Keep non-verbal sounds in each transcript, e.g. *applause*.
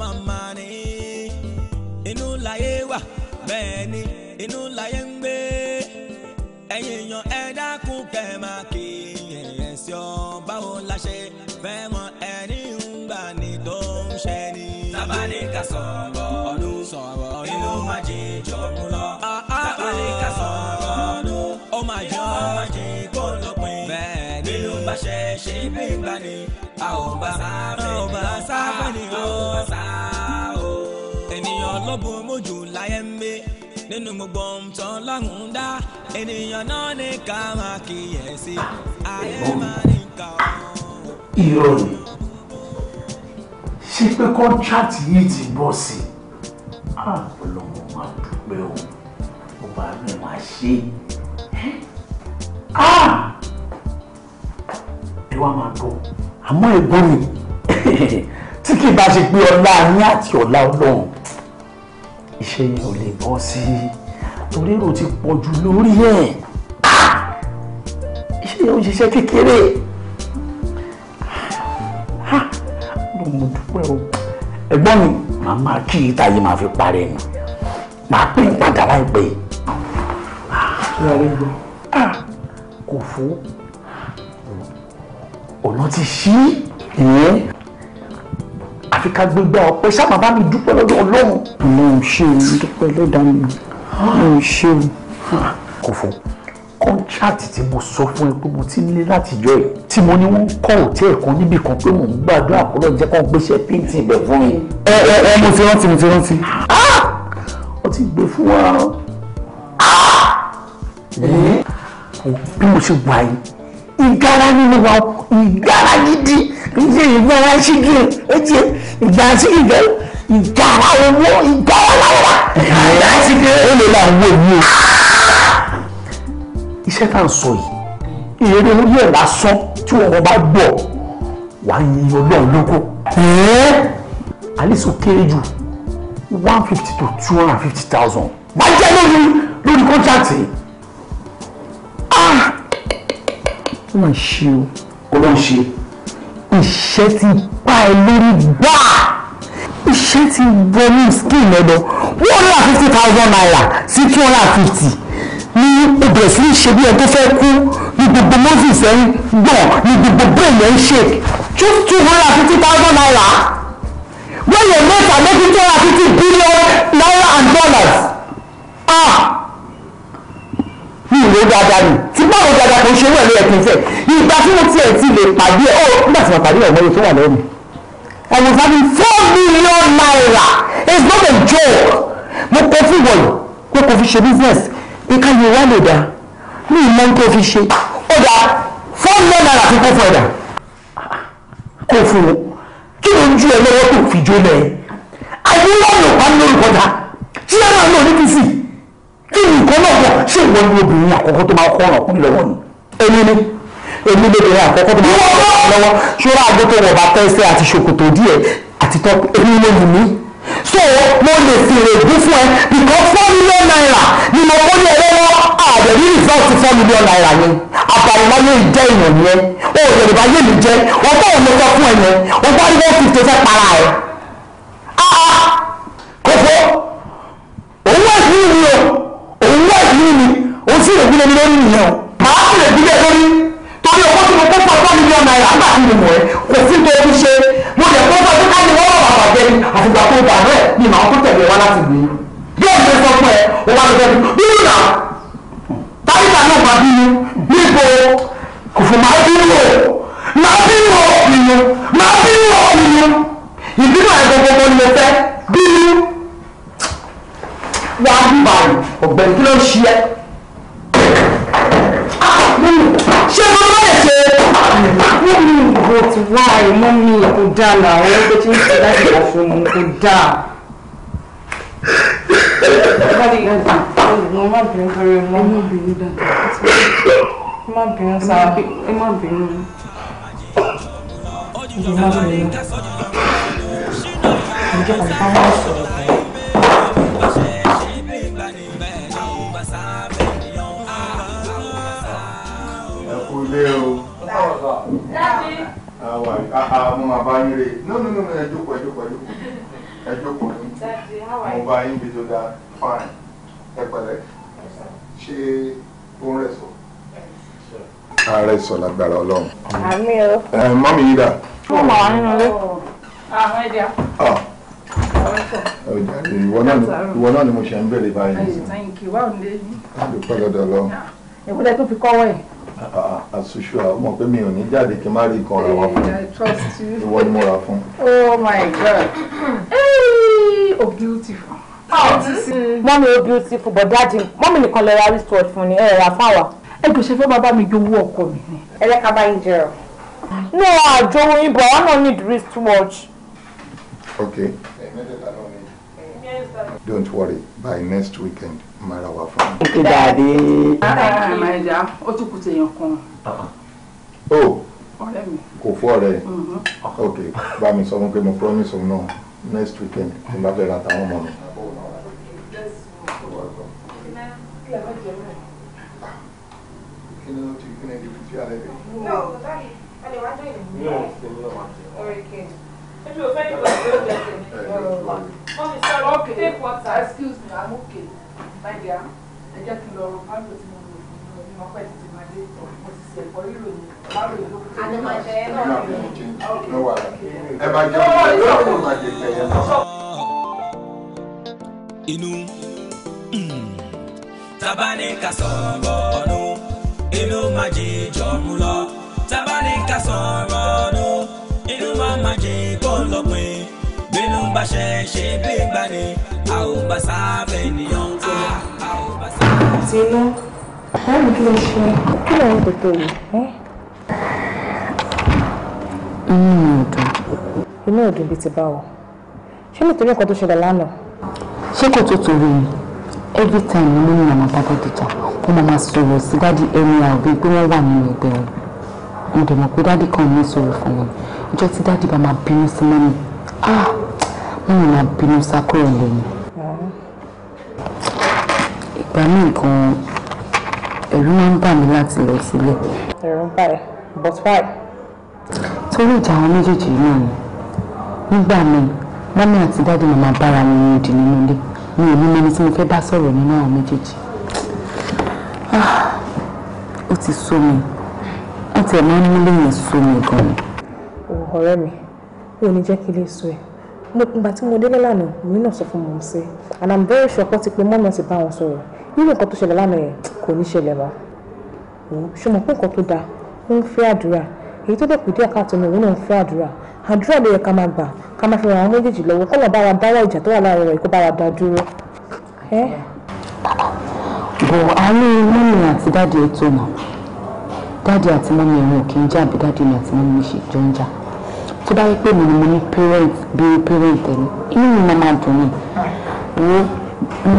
máa ma ní. inú láyé wà bẹ́ẹ̀ ni inú láyé ń gbé. ẹ̀yin èèyàn ẹ dákun kẹ́ máa kí ẹ̀yẹ̀ sí ọ báwo la ṣe fẹ́ mọ ẹni ń gbà ní tó ń ṣe ni. tábàní ká sọ̀rọ̀ ọdún sọ̀rọ̀ inú máa jí jòrò lọ. Ah, ah, tábàní ká ah. sọ̀rọ̀ ọdún ó máa jọ ó máa jí kó lópin. bẹ́ẹ̀ ni inú bá ṣe ṣe bí gbani a ò bá sáà ò bá sá fẹ́ni o ènìyàn lọ́bùn mójú láyé ń gbé nínú gbogbo ntọ́ lọ́hùn dá ènìyàn náà ní ká máa kíyèsí ayé máa ní ká o. ìrọ̀lẹ́ ṣe pé kọ́ńtrátì yìí ti bọ̀ sí i ah, ọlọ́mọ máa dúpẹ́ o ó bá mi máa ṣe é ah! ẹ wá máa gbọ́ àmọ́ ẹ̀gbọ́n mi. *laughs* tí kì í bá ṣe pé ọlá yín àti ọlá ọlọ́run iṣẹ́ yẹn ò lè bọ́ sí i torí èrò ti pọ̀ jù lórí ẹ̀ ah! iṣẹ́ yẹn ò ṣiṣẹ́ kékeré ló ah! mo dúpẹ́ o ẹ̀gbọ́n mi màá máa kí ìta yìí máa fi parẹ́ ni màá pè é padà láìpẹ́ ah! kò fún ọ̀nà ti ṣí ìyẹn àfi ká gbégbá ọpẹ́ sábà bá mi dúpẹ́ lọ́dọ̀ Ọlọ́run. Ọlọ́run ṣe é mo dúpẹ́ lọ́dà mi Ọlọ́run ṣe é. kò fọ kọ́ńtrátì tí mo sọ fún ẹ pé mo ti nílé látijọ́ ẹ̀ tí mo ní wọ́n ń kọ́ òtẹ́ẹ̀ kan níbì kan pé mò ń gbàdúrà kó lọ́ọ́ jẹ́ kó ń gbéṣẹ́ péǹtì ibẹ̀ fún mi. ẹ ẹ ẹ mo ti rántí mo ti rántí. ó ti gbé fún wa. bí mo ṣe wà yìí ìgara nínú wa ìgara gidi ìdí ìgbára ṣígi ojú ìgbà sí ìgbà ìgara owó ìgara lára ìgbà ṣígi ó lè la owó mi o. iṣẹ́ tá à ń sọ yìí èrè orí ẹ̀ lásán tí wọ́n bá gbọ́ wà á yin ọlọ́run lóko. àlìsàn kéré jù one fifty to two hundred and fifty thousand. máa jẹ́ lórí lórí kọ́ńtàtì yìí. ó mà ṣe o. ó ló ń ṣe. ìṣẹ́ ti pa ẹ lórí bá iṣẹ́ ti wọnú skin lọ́dọ̀ one hundred and fifty thousand naira sí two hundred and fifty ní ìbẹ̀rẹ̀ sí ní ṣe bí ẹ tó fẹ́ kú ní gbogbo moses ẹ̀ ń gbọ̀n ní gbogbo brain ẹ̀ ń shake just two hundred and fifty thousand naira wọ́n yẹ mẹ́ta lọ́dún two hundred and fifty billion naira and dollars. Ah ní ìwé dáadáa ni tí báwo dáadáa kò ṣe wẹ̀ ló yẹ kí n fẹ́ ìgbà tí mo tiẹ̀ ti lè pàdé ẹ̀ ó nígbà tí mo pàdé ẹ̀ mọ́lẹ̀ tó wà having four million naira it's not a joke mo kọ fún ìwọ̀n pé kò fi ṣe business ìka yìí wà lè dá mi ìmọ̀ tó fi ṣe ó dá four million naira fi kó fún ẹ̀dá kó fún un kí ló ń ju ẹ lọ́wọ́ tó fi jó lẹ̀ ayé wọn lò pa lórúkọ ta tí ẹ máa lò ní kìsì tí nǹkan náà wọ̀ ṣé ìwọ ni obìnrin àkọ́kọ́ tó máa kọ́ ọ̀ràn ọkùnrin lọ́wọ́ ni èmi ni èmi lóbìnrin àkọ́kọ́ tó máa kọ́ ọ̀ràn lọ́wọ́ ṣọ́ra àgbo tó wọ̀ bá tẹ́sẹ̀ àti ṣòkòtò díẹ̀ àti tọ́ èmi ló yìí mí so mo lè fi èrègún fún ẹ because four million naira ni mo kọ́ ní ẹ lọ́wọ́ ààrẹ ní result four million naira yẹn àbàlùmáyé ìjẹ́ ìyàn yẹn o ò yorùbá yé mi jẹ ọgbà òun ló fẹ́ fún ẹ yẹn ọgbà ní one fifty fẹ́ para ẹ. kókó òun èyí wà sí mi ó sì rẹ̀ gbílẹ̀ mi lórí nìyẹn o màá sì rẹ̀ gbílẹ̀ lórí torí owó tí mo kó fún ọgbọ́n mílíọ̀nù náírà nígbà tí mo mọ̀ ẹ́ kò sí tó o ṣe mo lè kó fún ọdún káyọ̀ wọ́n wà bàjẹ́ ni àtìgbà tó bà rẹ̀ ni màá tó tẹ̀lé wa láti gbé yóò ṣe sọ fún ẹ o wà lọ́dọ̀ bíbí nà táyítà náà bá bínú níbo kò fún màá bínú o màá bínú o bínú màá bínú o bínú ìbínú àìgbọ̀gbọ̀gbọ̀ ni mo fẹ́ bínú wà á bá rẹ̀ ọ̀gbẹ́ni kí ló ń ṣe ẹ́. ṣé mo máa lè ṣe. mọ́mí ìbò ti wá ẹ̀ mọ́mí kò dáa náà àwọn ẹgbẹ́ tí ń ṣe láti wà fún mi kò dáa. mo má bínú torí mo má bínú dáadáa má bínú sáà má bínú. mo má bínú. 你就很帮我。ilé o. Àwa àmọ́ máa bá yín rè é. No no no ẹ jókòó ẹ jókòó ẹ jókòó ẹ jókòó ní. Mo bá yín bí tó dáa fine ẹ pẹ̀lẹ́. Ṣé ó ń rẹ̀ sọ? Ààrẹ sọ lágbára Ọlọ́run. Àmì o. Ẹ mọ́mí yín dà. Mo mọ̀ wá nínú ilé. Àwọn ẹ̀dá. Ọjà ni ìwọ náà ni mo ṣe ń bèrè báyìí. Báwo ni lè yí? Ká ló pẹ́ lọ́dọ̀ Ọlọ́run. Ah, Èkó dẹ́ tó fi kọ́wọ́ ẹ̀ as usual ó mọ̀ pé mi ò ní jáde kí n má rí nǹkan ra wá fún ìwọ ni mo rà fún. oh my god hey, oh beautiful. Ah, mọ́mi mm-hmm. ó oh, beautiful but dájú mọ́mi nìkan lè ra wristwatch fún ni ẹ rà fáwa. ẹ kò ṣe fẹ́ máa bá mi jowó ọkọ mi ni. ẹ lẹ́ ká bá yín jẹ ọ. àjọ oyin but I no need wristwatch. okay don't worry by next weekend mara wà fún mi. kí dáadé. àmàlẹ́jà ó tún kù tèèyàn kan. o ọ̀rẹ́ mi. kò fún ọ̀rẹ́ ẹ̀ mm-hmm. ok bá mi sọ fún pé mo promise òun No, next weekend tí n bá fẹ́ ra tàwọn ọmọ mi. No, daddy, daddy, why don't you? No, it's the middle one. Or you can. If you're offended, you're offended. Mommy, sorry, take water. Excuse me, I'm okay báyà ẹ jẹ́ kí n lọ rún pálọ̀ tí mo lò fún mi ní ọpẹ́ tètè máa dé ìtọ̀ mo ti ṣe ẹ̀kọ́ rírò ní báwo ló kú. àdèmàjẹ ẹ náà ah, ló wà ẹ bá jẹ́ ọ̀rọ̀ ìlú àwọn àjẹgbẹ́ yẹn náà. inú hmm, tabani ka sọ̀rọ̀ ọ̀run inú máa jí jọ̀rù lọ tabani ka sọ̀rọ̀. bá ṣe ṣe bí gbà ni a ò bá sáfẹ́ ènìyàn tó a ò bá sáfẹ́. Zina, báwo kí ló ṣe? Kí ló ń tètè yìí? Inú mi ò dùn. Inú ò dùn bíi ti báwo. Ṣé nítorí ẹ̀kọ́ tó ṣẹlẹ̀ lánàá? Ṣé kò tó torí mi? Every time ni mo ní àwọn àtàkọ́dìjà, wọ́n máa máa sọ̀rọ̀ sí dádì ẹni àbí pé wọ́n wà nínú ẹgbẹ́ wọn. Mo dẹ̀ mọ̀ pé dádì kan ní sọ̀rọ̀ fún wọn. Ìjọ tí dádì bá máa bínú sí mọ́ni. Ah! wọn máa bínú sákúrò lónìí ìgbà míì gan-an ẹ̀rù máa ń bà mí láti lọ sílé. ẹ̀rù ń bà ẹ́ but why. torí ìjà àwọn méjèèjì náà ni nígbà míì mọ́mí àti dáàdì màmá bára wọn ní ìdí nínú ilé mi ò ní mẹ́ni tí mo fẹ́ bá sọ̀rọ̀ nínú àwọn méjèèjì. Ah, ó ti sú mi wọ́n tiẹ̀ máa ń múlé yẹn sú mi gan-an. ọ̀rẹ́ mi ò ní jẹ́ kí lè sú ẹ̀ ìgbà tí mo délé lánàá mi náà sọ fún mọ̀ sí and i'm very sure pé ti pé mọ́mí ọ̀sẹ̀ bá wọn sọ̀rọ̀ nínú nǹkan tó ṣẹlẹ̀ lánàá yẹn kò ní ṣẹlẹ̀ mọ́ òun ṣe mọ̀ pé nǹkan tó dáa ó ń fẹ́ àdúrà èyí tó dẹ̀kù díẹ̀ káàtó náà òun náà ń fẹ́ àdúrà àdúrà ló yẹ ká máa gbà ká máa fi ràn àwọn méjèèjì lọ́wọ́ kọ́ lọ́ọ́ bá wa dáwọ́ ìjà tó wà láàrin rẹ̀ kó bá wa dá dúró. bọ̀ alẹ́ mọ́mí àti dáàdi ètò náà dáàdi àti mọ́mí ẹ̀rọ kì í jà bí dáàdi mi àti mọ́mí mi ṣe jọ ń jà tó bá rí pé mi ni mo ní parent bí parent ẹni inú mi máa máa dùn ní wo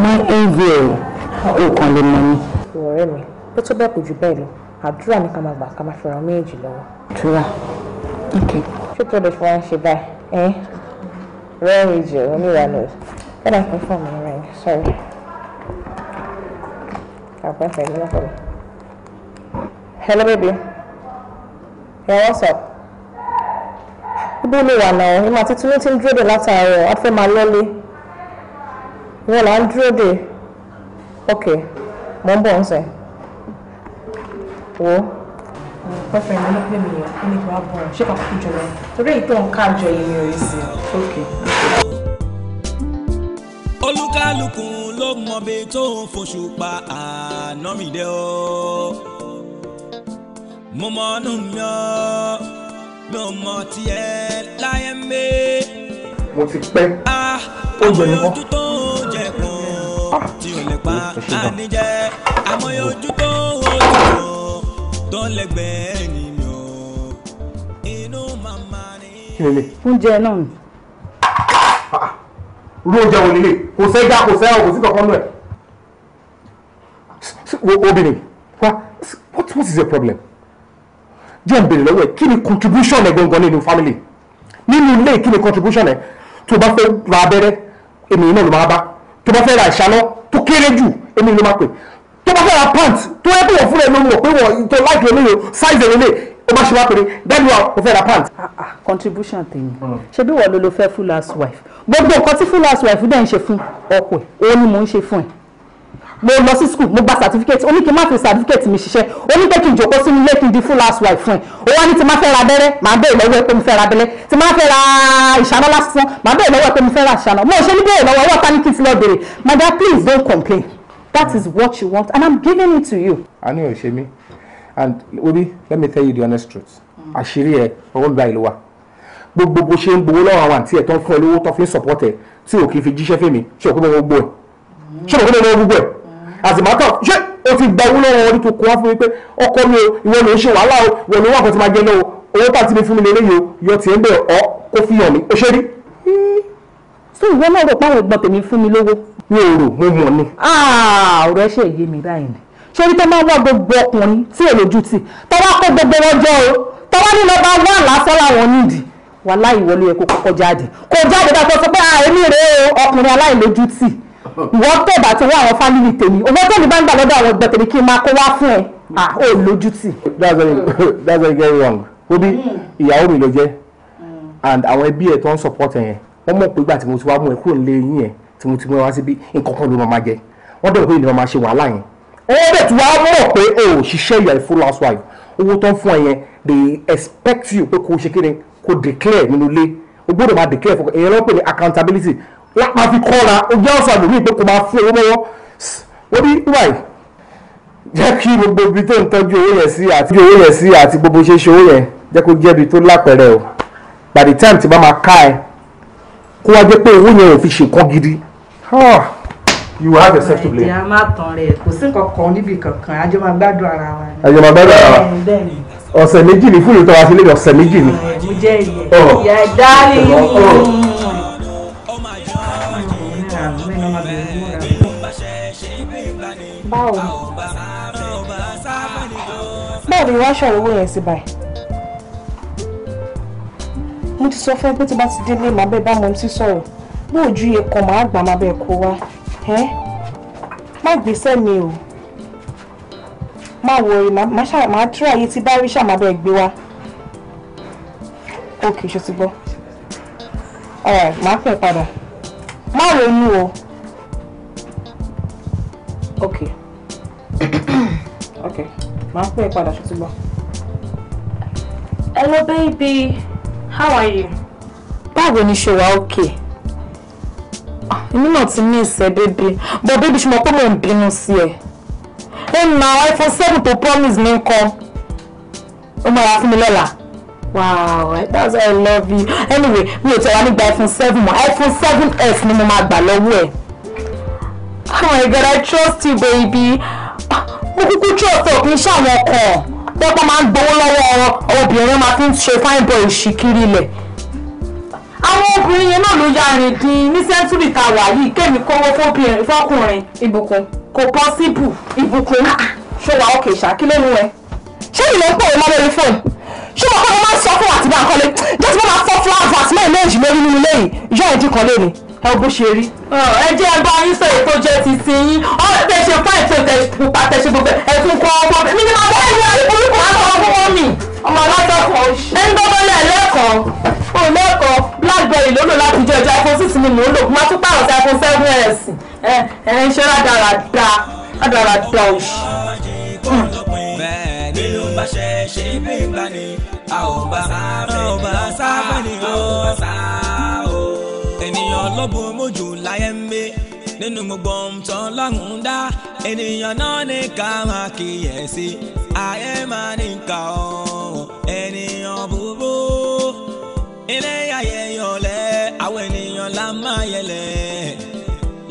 máa ń vi ẹ̀rọ òkan lè mọ ni. ọ̀rẹ́ mi bó tó bẹ́ẹ̀ kò jù bẹ́ẹ̀ lọ àdúrà ní ká máa gbà ká máa fẹ́ra méjì lọ́wọ́. àdúrà ok. ṣé tó lè fi wá ń ṣe báyìí rẹ́rìn jù oníranú bẹ́ẹ̀ náà fún mi rẹ̀ sọ́rí àpẹẹrẹ ìlú náà pẹ̀lú. hello baby yeah, what's up ibo ló wà náà ìmọ̀ àti Tinú ti ń dúró dè látàárọ̀ a fẹ́ máa lọ́lé wọn là ń dúró dè ok mò ń bọ̀ ń sẹ̀ wò ó pẹ́pẹ́ ìlú pé mi ò ní kí wá bọ̀ ọ́ ṣé kàkó jọ rẹ̀ torí èyí tó ń yìí mi ò rí sí i. olúkálùkù ló mọbi tó ń fòṣùpá ànámídé o mo mọ ọdún mi ọ́ gbọ̀mọ̀ tiẹ̀ láyé mbé. mo ti pẹ́ oúnjẹ ni wọ́n. tí o lè pa àníjẹ àmọye ojú tó o jọ tó lẹ́gbẹ̀ẹ́ ènìyàn inú màmá ni. kí lè. oúnjẹ náà ni. Ah, irú oúnjẹ wo nílé kò sẹ́jà kò sẹ́yà kò sí kankan nù ẹ̀. obìnrin what what is your problem? jẹ́ ń bèrè lọ́wọ́ ẹ̀ kí ni contribution ẹ̀ gangan nínú family nínú ilé kí ni contribution ẹ̀ tó bá fẹ́ ra abẹ́rẹ́ èmi náà ló máa bá tó bá fẹ́ ra ìṣáná tó kéré jù èmi ló máa pè tó bá fẹ́ ra pant tó yẹ pé wọ́n fúnra ẹ̀ ló mọ̀ pé wọ́n ìtọ́ láìpẹ́ olóyè size ẹ̀ lélẹ̀ ó bá ṣe wá péré dájú wa ó fẹ́ ra pant. Ah, ah, contribution tèmi hmm. ṣé bí wọ́n ló lo fẹ́ full house wife gbogbo nǹkan tí full house wife dẹ̀ ń ṣe fún ọkọ ẹ̀ òun ni mò ń ṣe fún ẹ̀ mo lọ sí school mo gba certificate ó ní kí n má fi certificate mi ṣiṣẹ́ ó ní pé kí n jòkó sínú ilé kí n di full housewife fún ẹ ó wá ní tí má fẹ́ ra abẹ́rẹ́ màá bẹ́ẹ̀ lọ́wọ́ ẹ pé mo fẹ́ ra abẹ́rẹ́ tí má fẹ́ ra ìṣáná lásán màá bẹ́ẹ̀ lọ́wọ́ ẹ pé mo fẹ́ ra ìṣáná mo ṣe ní bẹ́ẹ̀ lọ́wọ́ ọwọ́ ta ti lọ bèrè madam please don't complain that is what you want and i'm giving it to you. àní ò ṣe mí and obi let me tell you the honest truth àṣírí ẹ ọwọ́ mi báyìí ló wà gbogbo bó ṣe ń gbowó lọ́wọ́ àwọn àǹtí ẹ̀ tó ń fún ẹ lówó tó fi ń support ẹ tí ò kì í fi jíṣẹ́ fẹ́mi ṣé òkú mi ò gbó ẹ ṣé òkú mi ò gbó ẹ as a matter of ṣé o ti gba owó lọ́wọ́ wọn tó kó wá fún mi pé ọkọ mi o ìwọ ló ń ṣe wàhálà o ìwọ ló wà kó ti máa jẹ náà o owó tà ti mi fún mi lélẹ́yìí o yọ tiẹ̀ ń bẹ̀ ọ́ kó fi hàn mí o ṣe rí. ṣé ìwọ náà rò pé àwọn ẹ̀gbọ́n tèmi fún mi lówó. mi ò rò mo mọ̀ ni. Ah, ọ̀rọ̀ ẹ ṣe yé mi báyìí ni sórí tó máa ń wá gbogbo ọkùnrin tí èlò ju ti tọ́wọ́ kó gbogbo wọn o tọ́wọ́ ní lọ́ba wà lásán làwọn nídìí wàhálà ìwọlé ẹ kó kọ́kọ́ jáde kó jáde bá a sọ pé àìní ah, rèé ọkùnrin aláìlójútì ìwọ́n tó bá ti àwọn fámìlì tèmi owó tèmi bá ń gbà lọ́dọ̀ àwọn ẹgbẹ́ kí n máa kó wá fún ẹ ó lójú tì. that's very that's very very wrong obi mm. ìyàwó mi ló jẹ́ mm. and àwọn ẹbí ẹ̀ tó ń support ẹ̀ yẹn wọ́n mọ̀ pé ìgbà tí mo ti wá mú ẹ kúrò nílé yín yẹn tí mo ti mú ẹ wá síbí nǹkan kan ló máa jẹ wọ́n dẹ̀ pé ìnira máa ṣe wàhálà yẹn wọ́n dẹ̀ tí wàá mọ̀ pé o oh, ò ṣiṣẹ́ ìyá ìfúnra housewife owó tó ń fún ẹ yẹn they expect you pé kò ṣe kí ni kò declare nínú ilé o gbọ́dọ̀ máa declare fún ẹ ìyẹn ló ní accountability lápá fi kọ́ra ojú ọ̀sán lórí pé kò máa fún owó mọ́wọ́ ó ní wáì jẹ́ kí gbogbo ibi tó ń tọ́jú owó yẹn sí àti owó yẹn sí àti gbogbo ṣe ṣe owó yẹn jẹ́ kó jẹ́ ibi tó lápẹ̀rẹ̀ o by the time tí bá máa ká ẹ kó wá jẹ́ pé owó yẹn ò fi ṣe nǹkan gidi ah, you have a set to ìyá máa tàn rẹ̀ kò sí nǹkan níbi kankan àjọ máa gbádùn ara wa. àjọ máa gbádùn ara wa ọ̀sẹ̀ méjì ni fún ìtọ́wá sílé ọ̀sẹ̀ méjì ni. mo jẹ́ ìyá oh. ìyá ìdálé oh máa bẹ̀rẹ̀ mọ́ra. báwo ni báwo ni wàá ṣọ̀rọ̀ owó yẹn sí báyìí. mo ti sọ fún ẹ pé tí bá ti délé màá bẹ bá mọ́mí sí sọ̀rọ̀ bó ojú iye kan màá gbà má bẹ́ẹ̀ kó wá má gbèsè mi o má wọrí má tú àyè tí bá rí ṣàmà bẹ́ẹ̀ gbé wá ok ṣe ti gbọ́ ọ̀rẹ́ màá pẹ́ padà má ronú o ok ok màá pè é padà ṣùtúbọ̀. hello baby how are you. báwo ni ṣe wà òkè èmi náà ti ní ìṣe bébí bọ bébí ṣe mọ pé mò ń bínú sí ẹ ẹ na iphone seven to promise mi ń kọ ó máa ra fún mi lọ́la wow that's why i love you anyway mi ò tẹ̀wá nígbà iphone seven mọ́ iphone seven s ni mo máa gbà lọ́wọ́ ẹ̀ oh my god i trust you baby mo kúkú trust ọ̀ kì í ṣàwọn kan pẹ́pọ́ máa ń gbowó lọ́wọ́ ọmọbìnrin máa fi ń ṣe fine boy ṣìkiri lẹ̀ àwọn obìnrin yẹn náà ló ya rìn dín ní sẹ́ńtúrì tá a wà yìí kémi kówó fọkùnrin ìbùkún kò pọ́síbù ìbùkún ah, ah. ṣó wà ókè ṣá kí ló ń wẹ̀ ṣé ìlú ń pè é lọ́wọ́ lórí fóònù ṣé mo kọ́ mo máa ń sọ fún àtibá àkọlé jẹ́sí mo máa fọ́ fúláàfù àtìlẹ́yìn méjì lórí nínú lẹ́yìn yọ ìdí kan lónìí ẹ bó ṣe rí. ẹ jẹ́ ẹ bá yín sọ ètò jẹ́ ti sin yín ọ̀rẹ́ tẹ ṣe fún ètò tẹ pupa tẹ ṣe gbogbo ẹ tún kọ ọmọ mi ni màá bá ìwé ìbúrúkú àwọn ọmọ fún mi. ọmọ aláta kan ẹ ń dọ́gbọ́lẹ̀ lẹ́ẹ̀kan o lẹ́ẹ̀kan blackberry ló lò láti jẹ́ ọjọ́ iphone six ni mò ń lò máa tún pààrọ̀ sí iphone seven s ẹ ẹ ń ṣe rádaràda rádaràda òṣì. bẹ́ẹ̀ ni a ò ọmọ bòmójú láyé ń gbé nínú gbogbo ntọ́ lọ́hùn dá ènìyàn náà ní ká máa kíyèsí ayé máa ní ká ọ ènìyàn búburú ilé ayé yọlẹ àwọn ènìyàn là máa yẹlẹ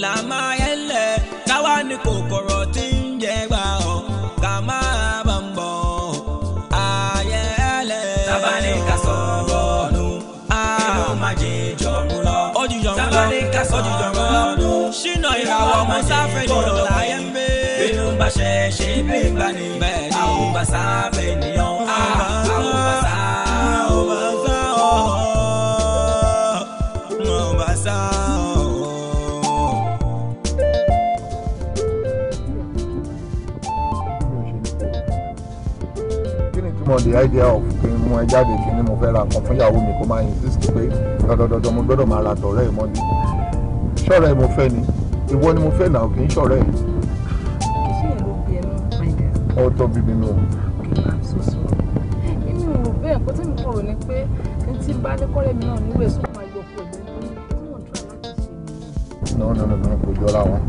là máa yẹlẹ táwa ní kòkòrò. káwọ́ ọmọ sáfẹ́ ní ọ̀la yẹ ń bẹ́. bínú bá ṣe ṣe bí gbà ní àwọn bá sáfẹ́ ènìyàn àwọn bá sá ọ̀ ọ̀ bá sá ọ̀. mọ the idea of kí n mú ẹ jáde kí ni mo fẹ́ ra kan fún ìyàwó mi kó máa insist pé dandandandan mo gbọ́dọ̀ máa ra tọ̀rẹ́ ìmọ̀ ni ṣọ́ọ̀rẹ́ mo fẹ́ ni ìwọ ni mo fẹ́ nà kì í ṣọ̀rẹ́ ẹ̀. ọ̀tọ̀ bìbí nù. inú ìrù bẹ́ẹ̀ kó tí mo kọ̀ rò ni pé n ti bá lẹ́kọ́rẹ́ mi náà níwèé sún máa yọ pọ̀ lẹ́nu tí mo dúró láti ṣe mi. nà nà nà kò jọra wọn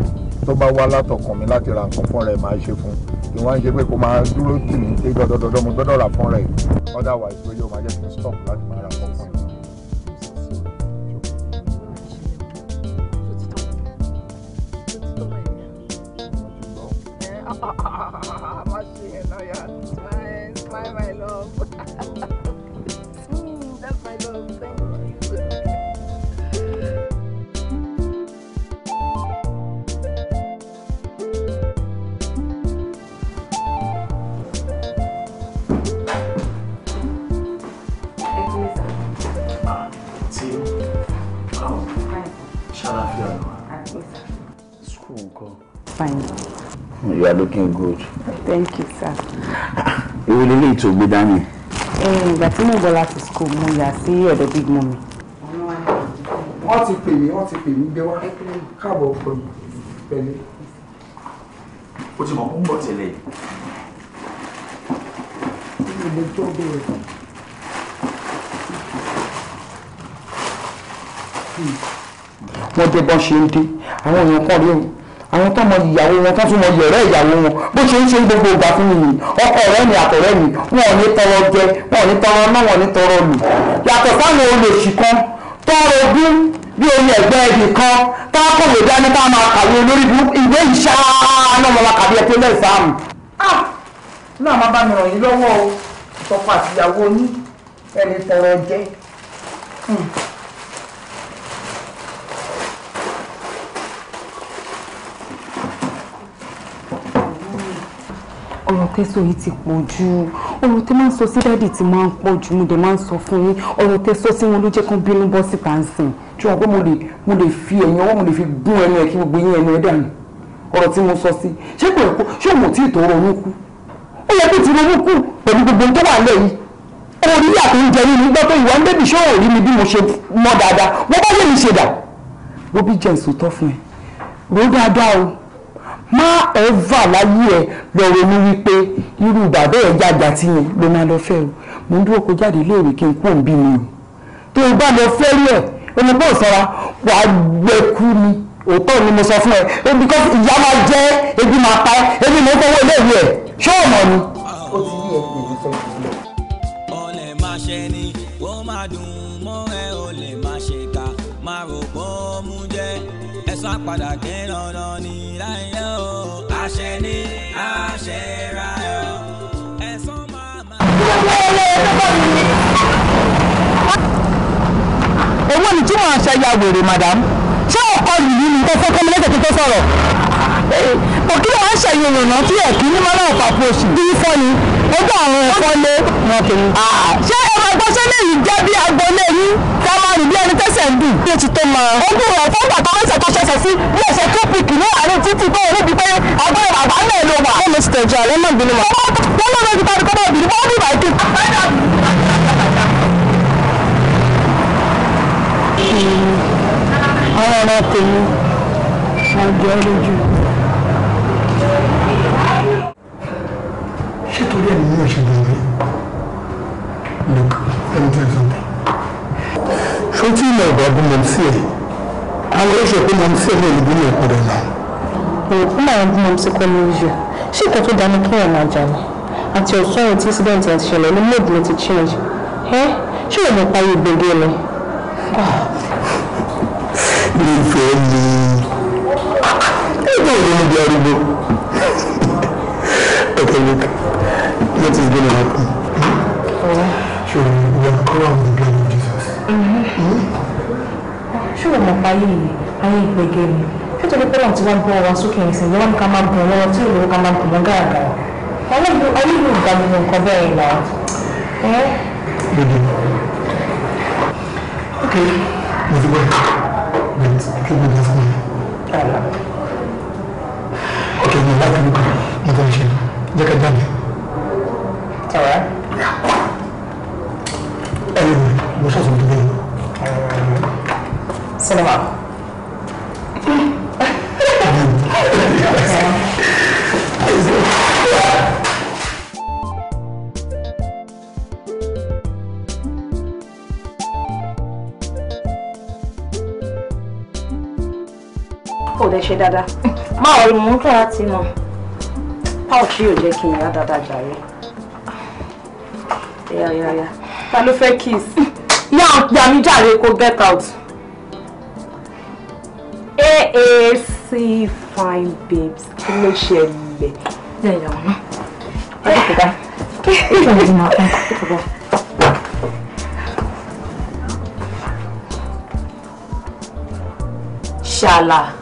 tó bá wá látọkàn mi láti ra nǹkan fún rẹ máa ṣe fún kí wọn ṣe pé kó máa dúró tì mí pé dọdọdọdọ mo gbọ́dọ̀ rà fún rẹ otherwise pé yóò máa jẹ kí n stop láti máa ra nǹkan fún *laughs* smile smile my love *laughs* mm, that's my love thank you. Fine. You are looking good. Thank you, sir. Èwo lè léyìí tó gbé dání? Ìgbà tí mo bọ̀ láti school, mo yà sí ọ̀dọ̀ big mummy. Wọ́n ti pè mí, wọ́n ti pè mí gbé wá. Káàbọ̀ pẹ̀lú pẹ̀lú. O ti mọ̀ kó ń bọ̀ tẹ́lẹ̀. Ilé tó bẹ̀rẹ̀. Wọ́n dé bọ́n ṣe ń dé, àwọn èèyàn kan rí òun àwọn tó mọ ìyàwó wọn tó tún mọ yẹ̀rẹ́ ìyàwó wọn bó ṣe ń ṣe gbogbo ìgbà fún mi nìyí ọkọ ọ̀rẹ́ mi àtọ̀rẹ́ mi wọn ò ní tọrọ jẹ wọn ò ní tọrọ náà wọn ò ní tọrọ lù yàtọ̀ sáwọn olóṣì kan tọrọ ogún bí orí ẹgbẹ́ ibì kan tákòwé dání tá a máa kàwé olórí bú ìwé ìṣá náà wọn máa kàwé ẹgbẹ́ lẹ́sàmù. Ah! náà má bá mi ràn yín lọ́wọ́ o ìtọ́kọ àtìyàwó ní ẹni tọrọ jẹ. Hmm. ọ̀rọ̀ tẹ́sọ̀ yìí ti pọ̀ jù ọ̀rọ̀ tẹ́ máa ń sọ sí dáàdì tí máa ń pọ̀ jù mo dẹ̀ máa ń sọ fún yín ọ̀rọ̀ tẹ́sọ̀ sí wọn ló jẹ́ kán bínú bọ́ síta ń sìn. tí wọn pé mo lè mo lè fi ẹ̀yìn ọwọ́ mo lè fi gún ẹnu ẹ̀ kí gbogbo yín ẹnu ẹ̀ dànù ọ̀rọ̀ tí mo sọ sí ṣé kò ẹ̀kọ́ ṣé mo tí ì tó ronú kú ó yẹ kó ti ronú kú pẹ̀lú gbogbo tó wà lẹ́yìn orí àti oúnjẹ nínú gbọ́ pé ìwà ń bèbí ṣó òrí mi bí mo ṣe mọ dáadáa wọ́n bá lè mi ṣe dà. bóbí jẹ́ ìsòtọ́ fún ẹ má ẹ̀fà láyé ẹ̀ lọ́rọ̀ mi wípé irú bàbá ẹ̀ jàjà tí mi ló máa lọ fẹ́ o mo ń dúró kó jáde léèrè kí n kú òǹbí mi o tó o bá lọ fẹ́ rí ẹ̀ omi bó sọra wà á gbẹ́kú ni òótọ́ ni mo sọ fún ẹ ebi kọ́ ìyá máa jẹ́ ebi máa pa ebi mo fọwọ́ iléèwé ẹ̀ ṣé ọmọ ni. ó ti yí ẹ èyí fẹ́ ìdílé. ọ̀lẹ̀ máa ṣe ni wọ́n máa dùn mọ́ ẹ ọ̀lẹ̀ máa ṣe ká máa rò bó mú jẹ ẹ̀sán àpàdà dé dandan ní láyé o àṣẹ ni àṣẹ ra ẹ̀ o ẹ̀sán máa máa. owó ni tí wọn ṣe ya wèrè madam ṣé wọn kọ lùlù ní tó fẹ́ kọ́mi lẹ́sẹ̀ tó sọ̀rọ̀ òkè wọn ṣẹ̀yìn ìrìnà tí ẹ̀ kí ní mọ́nà ọ̀pàpọ̀ òsì bí fọ́ni ó bá àwọn ẹ̀fọ́ lé ah, ṣé ẹ máa yìí jẹ́ bí agbolé yín dùn bí ẹni tẹ́sẹ̀ ń dùn. bí o ti tó máa. ó rẹ̀ fún ìgbà tó ń ṣètò ṣẹṣẹ sí bí ẹ̀ṣẹ̀ tópìkì ní àárín títí tó níbi pé agbára bàbá náà ló wà. wọ́n mi ti tẹ̀jọ́ àlẹ́ náà bínú wa. wọ́n lọ́ọ́ lọ́ọ́ ti parí kọ́dọ̀ ìbínú wọ́n bí bàá kíkọ́. ọ̀rọ̀ ọ̀rọ̀ tèmi àjọ lójú. ṣé torí ṣó tí ìmọ̀ ìgbà bí mo ń sí ẹ̀ àwọn oṣù pé mo ń sí ẹ̀ ní ìlú mi ìpínlẹ̀ náà. òkú làwọn bí mo ń sekọ́ ní ìjọ ṣé ìkọ́ tó dání kí ọ̀nà àjà ni àti ọ̀sán ọ̀tí incident ti change ẹ ṣé o mọ̀ parí ìgbègbè ni. ìfẹ́ mi ẹgbẹ́ òde mo di arúgbó okay look what is gonna happen. ṣòro ìyá kọ́ àwọn ṣé o mọ̀ páyé yìí ayé ìgbẹ́gẹ́ ni nítorí pé wọ́n ti wá ń bọ́ wa sókè ẹ̀sìn ni wọ́n ní ká máa ń bọ̀ lọ́wọ́ tí ìlú ká máa ń bọ̀ gàràgàrà ayé yóò gba gbogbo nǹkan bẹ́ẹ̀ là. ok dáadáa máa wọlé mò ń tọ́ láti mọ pouch yóò jẹ́ kí n yá dáadáa jàre yáyáyá ta ló fẹ́ kiss yá ń gbà mí jàre get out aac fine babes kí ló ṣẹlẹ̀ yẹ̀yà wọn náà ọdún kò dá Shala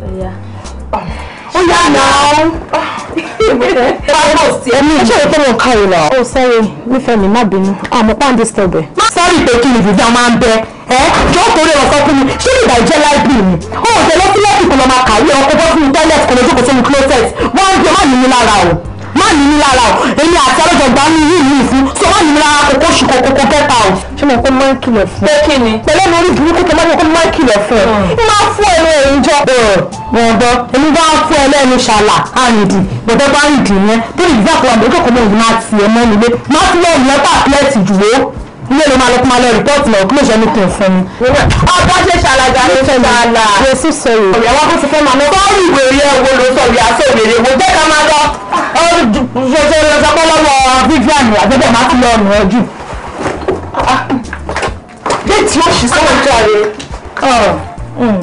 ó yá náà ẹni ṣe é pé wọn káyọ lọ. ó sọ́rí nífẹ̀ẹ́ mi má bínú àmọ́ pàǹdé stọ̀bẹ̀. sọ́rí pé kí ni ìdíjà máa ń bẹ ẹ́ jọ́ torí ọ̀sán fún mi ṣé ìgbà ìjẹ́ láìpẹ́ mi. ó tẹ̀lé sílẹ̀ kìkùn lọ́ọ́ máa kàwé ọkọ̀ bọ́ fún mi tẹ́lẹ̀ kò lójú kò closet wọ́n á jẹ́ má nínú lára o má ní mi lára o èmi àti ọlọ́jọ́ gbà ní yìí yìí fún so má ní mi lára kókó ṣù kókó kẹta o. ṣé mo kọ́ máa ń kìlọ̀ fún. pé kí ni. pẹ̀lú ẹni orí burúkú tó máa ń kọ́ máa ń kìlọ̀ fún hmm. ẹ. máa fún ẹ ní ẹ̀yìn jọ. bọ̀dọ̀ èmi bá fún ẹ lẹ́nu ṣàlà àǹdì bọ̀dọ̀ bá ń dì yẹn tó lè gbà pọ̀ àbẹ̀kọ̀ kọ́ mọ̀ ilé ló máa lọ kó máa lọ rìpọ́ọ̀tì lọ kó lè ṣe nìkan fún mi. ọba ṣe ṣàlàjà ló ṣe ṣàlà. jésù sọ̀rọ̀ ọ̀rẹ́ wa kò ti fẹ́ máa lọ. sọ́ọ̀rì ìwé rẹ̀ wo ló sọ ìyá sí òrèrè wo jẹ́ ká máa lọ. ṣoṣo lọ sọpọ́ lọ́wọ́ vivian àgbẹ̀bẹ̀ máa ti lọ ọ̀nà jù. Ah. déètì ó ṣì sọ́wọ́ ìjọ rẹ̀. Oh. Hmm.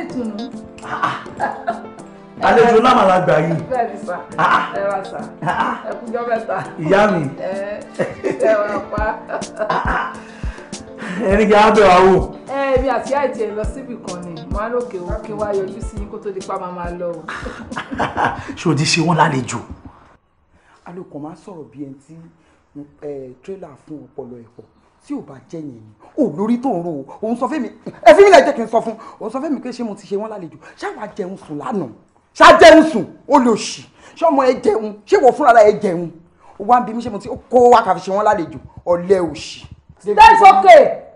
ti tùnú. àlejò lámàlà gbà yìí. bẹ́ẹ̀ni sà ah, ah. ẹ wá sà ah, ẹ kújọ mẹ́ta. ìyá mi. ẹ wà pa. ẹni kí á bẹ̀ wá wò. ẹ mi àti àìtì ẹ lọ síbì kan ni mo á lókè wá kí wá yọjú sí kó tó di pa máa máa lọ o. ṣé o ti ṣe wọn lálejò. alùpùpù máa ń sọ̀rọ̀ bíi ẹni tí tírélà fún ọpọlọ ẹ̀pọ̀ tí ò bá jẹ́ yẹn ni ò lórí tó ń ro o òun sọ fẹ́mi ẹ fi ilẹ̀ jẹ́ kí n sọ fún òun sọ fẹ́mi pé ṣé mo ti ṣe wọ́n lálejò ṣáwa jẹun sùn lánàá ṣá jẹun sùn ó lò sí ṣé ọmọ ẹ jẹun ṣé wọ́n fúnra ẹ jẹun ó wá ń bí mi ṣe mo ti kó wá kàfi ṣe wọ́n lálejò ọ̀lẹ́ òṣì. that's okay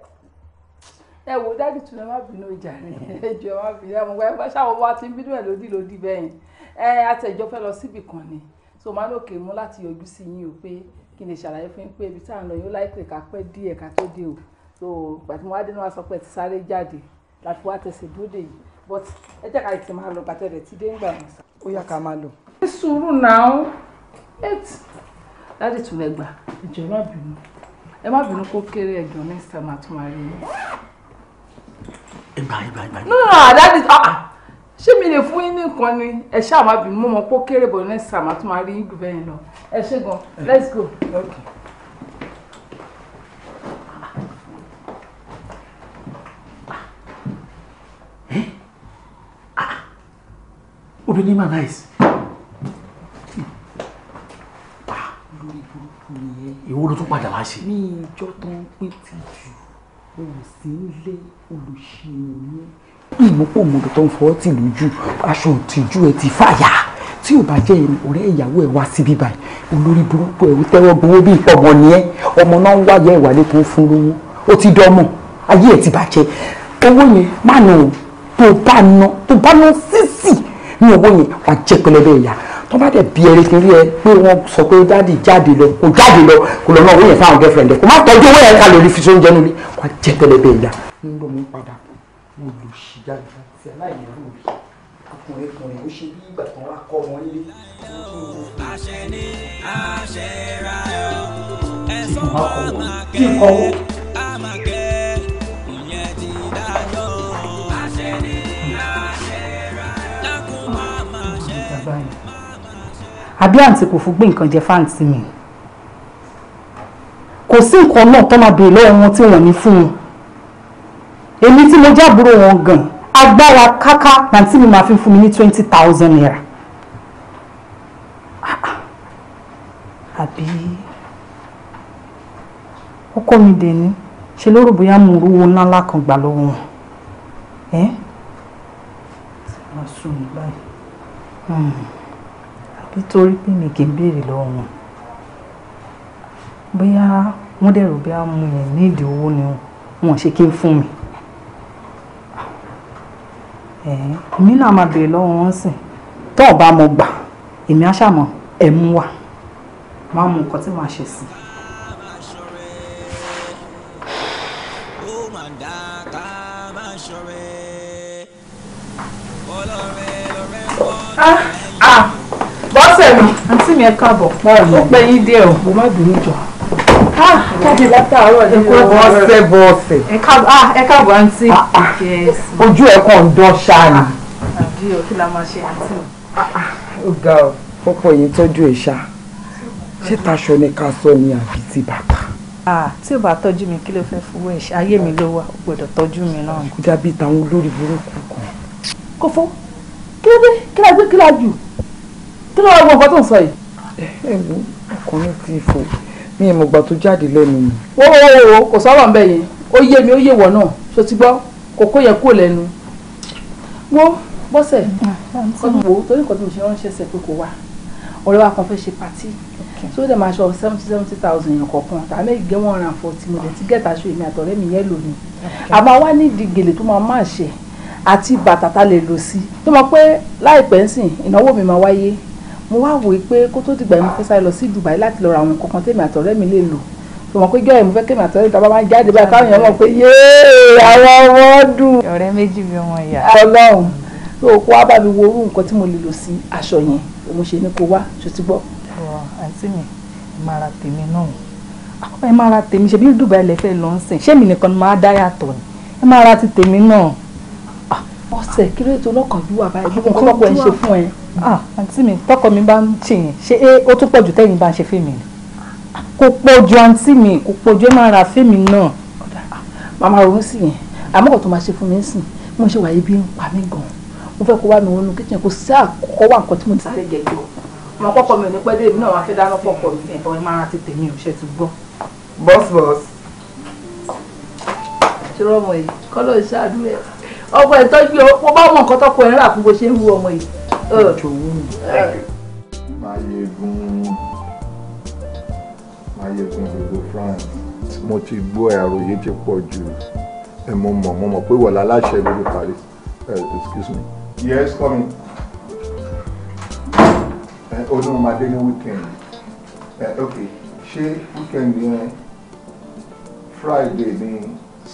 ẹ wo dájú tún ẹ má bínú ìjà rẹ ẹ jù ẹ má bínú ẹ mọ ẹ bá ṣàwọn wa ti ń bínú ẹ lódì lódì bẹ́ẹ̀ ẹ àtẹ̀jọ́ fẹ́ lọ síbì kan ni so máa lókè mú láti yọjú sí yín o pé kí n lè ṣàlàyé fún yín pé ibi tá à ń lọ yóò láìpẹ́ ká pẹ́ díẹ̀ ká tó dé o so ìgbà tí mo wá dé náà wá sọ pé ẹ ti sáré jáde láti wá tẹ̀sí bóde yìí but ẹ jẹ́ ká ti máa lọ gbàtẹ́ rẹ̀ ti dé ń gbà wọ́n sá. ó yá ká máa lọ. ní sùúrù náà eight láti tún lẹ gbà ìjọ má bínú ẹ má bínú kó kéré ẹjọ ní sàmà tó máa rí i. ẹ no no no that ah, ah. is ṣé mi lè fún yín ní ni ẹ ṣáà má bínú mọ́ mọ́ pé kéré bọ̀ ní sàmà tó máa rí yín jù bẹ́ẹ̀ lọ ẹ ṣé gan let's go. Okay. Eh? máa nice. lórí ló tún padà wá ṣe. ní ìjọ tó ń pín tìjú òsínlé olùṣèlú ìmọ̀pọ̀ mọ̀dọ̀ tó ń fọwọ́ tì lójú aṣọ òtìjú ẹ ti fàyà tí ò bá jẹ́ ìrìn ọ̀rẹ́ ìyàwó ẹ̀ wá síbí báyìí olórí burúkú ẹ̀ ń tẹ́wọ́ gbowó bí ọmọ ni ẹ́ ọmọ náà ń wáyé ẹ̀wà lẹ́kọ̀ọ́ fún lówó ó ti dọ́mọ ayé ẹ̀ ti bàjẹ́ owó yẹn má nà ó tó bá ná tó bá ná sísì ní owó yẹn wà jẹ́ pẹlẹbẹ ìyá tó bá dẹ̀ bí ẹ retí rí ẹ pé wọ́n sọ pé dáàdì jáde lọ kò jáde lọ kò lọ́nà owó yẹn fáwọn girlfriend ẹ kò má tọ́jú owó yẹn kalẹ̀ orí fi sóúnjẹ nílé wà jẹ́ pẹlẹbẹ ìyá. ń lọ mú padà jàǹkà tí aláìní rú rí ọkùnrin kùnrin ó ṣe bí ìgbà kan wá kọ́ wọn lé. àṣẹ ni àṣẹ ra yọ ẹ̀sán àmàkẹ́ àmàkẹ́ ìyẹn ti dájọ́ àṣẹ ni àṣẹ ra yọ dákun máa máa ṣe. àbí àǹtí kò fún gbé nǹkan jẹ fáǹtì mi kò sí nǹkan náà tó máa béèrè lọ́wọ́ wọn tí wọ́n ní fún un èmi tí mo jábúrò wọn gan-an agbára káká làǹtí mi máa fi fún mi ní twenty thousand naira àbí ọkọ mi dẹ̀ ni ṣe ló rò bóyá mo rówó ńlá ńlá kan gbà lọ́wọ́ wọn ẹ́ sùn mí báyìí hmm. àbí torí pé mi kì í béèrè lọ́wọ́ wọn bóyá wọ́n dẹ̀ rò bóyá mo yẹn ní ìdí owó ni wọ́n ṣe kí n fún mi èmi náà máa béèrè lọ́wọ́ wọn sìn tó ọba mo gbà èmi á ṣàmọ̀ ẹ̀ mú wa máa mú nǹkan tí màá ṣe sí ah, ah, bọ́sẹ̀ mi àǹtí mi ẹ káàbọ̀ ó pẹ́ yín dé o mo má bínú jọ. Ah, jáde látàárọ̀ ní lọ rẹ bọ́sẹ̀ bọ́sẹ̀. ẹ káàbọ̀ àǹtí. Ah, ah. ojú ẹ̀ kàn ń dán ṣáà ah, àbí o kí la máa ṣe àǹtí. ó ga ọ pọpọ yìí tọ́jú ẹ ṣá ṣé taṣọ ni ká sọ ni àbí ti bàtà. tí ò bá tọ́jú mi kí ló fẹ́ fowó ẹ̀ ṣe ayé mi ló wà ó gbọ́dọ̀ tọ́jú mi náà. kò jábí táwọn olórí burúkú kan. kò fọ́ kí ló dé kí ló dé kí ló jù kí ló wà gbọ́ nǹkan tó ń sọ yìí. ẹ ẹ wo ọkùnrin ti fò mi ìmọ̀ gbà tó jáde lẹ́nu mi. wo wo wo kò sọ̀rọ̀ mbẹ́ yẹn ó yé mi ó yé wọ̀ náà ṣó ti gbọ́ kò kó yẹ kúrò lẹ́nu. wo bọ́sẹ̀ ọdún wo torí nǹkan tó ń ṣe ránṣẹ́ sẹ̀ pé kò wà ọ̀rẹ́ wa kan fẹ́ ṣe pàtí so ó dẹ̀ máa ṣọ seventy seventy thousand yẹn kọ̀ọ̀kan tàbí èyí gé one hundred forty mo dẹ̀ ti gẹ̀ta aṣọ èmi àtọ̀rẹ́ mi yẹn lò ní. àmọ́ wá nídìí gèlè tó máa máa ṣe àti bàtà tá lè lò sí tó mọ̀ pé láìpẹ́ ń sìn ìnáwó mi máa wáyé mo wá wòye pé kó tó dìgbà yìí mo fẹ́ sáré lọ sí Dubai láti lọ ra àwọn kankan tèmi àtọ̀rẹ́ mi lè lò tó mọ̀ pé jọ́ ẹ̀ mo fẹ́ kémi àtọ̀rẹ́ ìta bá máa jáde báyìí káwọn èèyàn mọ̀ pé yéé àwọn ọmọ dùn. ọ̀rẹ́ méjì bí ọmọ ìyá. Ọlọ́run tó o kó wá bá mi wo orú nǹkan tí mo lè lò sí aṣọ yẹn mo ṣe ní kó wá ṣó ti gbọ́. ọ̀ àǹtí mi máa ra tèmi náà ẹ máa ra tèmi ṣe bí Dubai lẹ fẹ́ lọ ń sìn ṣé mi nìkan máa dá yàtọ̀ ni ẹ máa ra ah àǹtí mi tọkọ mi bá ń ṣe yẹn ṣé eh, ó tún pọ̀ jù tẹ́yìn bá ń ṣe fíìmù ni kò pọ̀ jù àǹtí mi kò pọ̀ jù ẹ máa ra fíìmù náà ah, màmá ronú sí yẹn àmọ́ kò tó máa ṣe fún mi sìn mo ṣe wà yìí bí ń pa mí gan mo fẹ́ kó wá mi wọnú kíchìn kò sí àkọ́kọ́ wà nǹkan tí mo ti sáré jẹ jù ọmọ kọ́kọ́ mi ò ní pẹ́ dé èmi náà wá fẹ́ dáná pọ̀ pọ̀ mi ẹ̀bọ̀n máa rántí tèmi ò ṣe ti gbọ́. bọ́s bọ́s. ṣòro yìí kọ́ ló ń ṣáàdúrà ọmọ ìtọ́jú ọmọ nǹkan tọ́kọ ẹ̀ ń rà fún bó ṣe ń wú ọmọ yìí Jọ̀wọ́ Máyégún Máyégún gbogbo France. Mo ti gbọ́ àròyé ti pọ̀ jù. Ẹ mo mọ̀ mo mọ̀ pé wọ̀lá aláṣẹ gbogbo Paris. Excuse me. Yes, coming. Ọdún ọmọdé ní weekend. Ok, ṣé weekend yẹn Friday ni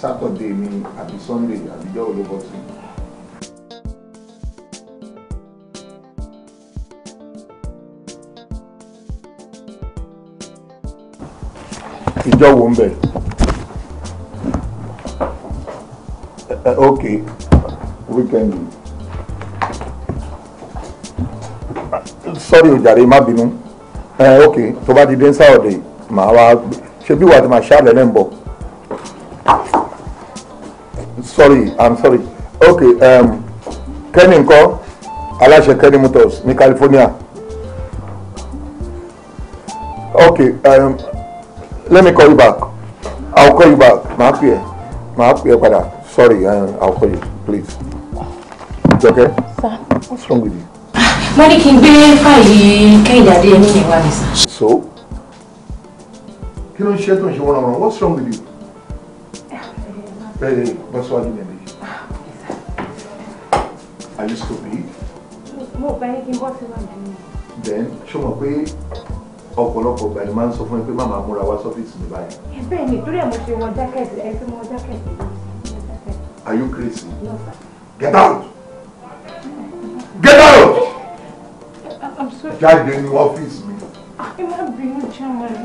Saturday ni àbí Sunday àbíjọ́ olóbọ̀tún? ìjọ wo ń bẹ̀ ok weekend sorry ojàre má bínú ok tó bá ti dé sáwọ́dẹ̀ màá wá ṣe bí wàá ti máa ṣáàlẹ̀ lẹ́ ń bọ̀ sorry i'm sorry ok um, kẹ́ni ńkọ́ aláṣẹ kẹ́ni motors ní California ok. Um, let me call you back I'll call you back màá pè ẹ́ màá pè ẹ́ padà sorry i uh, will call you please it's okay sir what's wrong with you. Money ní kí n gbé fáìlì kẹ́hìndé adé ẹni yẹn mi sá. so kí ló ń ṣe tó ń ṣe what's wrong with you. bẹ́ẹ̀ ni bá sọ wájú mi ẹ̀mí. are you stupid. mo bá yẹ What's wrong with síwájú then show o mọ̀ ọ̀pọ̀lọpọ̀ ìgbà ni máa ń sọ fún mi pé má múra wá sọ́fíìsì mi báyìí. bẹ́ẹ̀ ni ìtúrẹ́ mo ṣe wọn jákẹ́ẹ̀tì ẹ fi wọn jákẹ́ẹ̀tì. Are you crazy? No, Get out! Get out! I'm sorry. jáde ní ọ́fíìsì mi. Ah, ẹ má bínú chairman.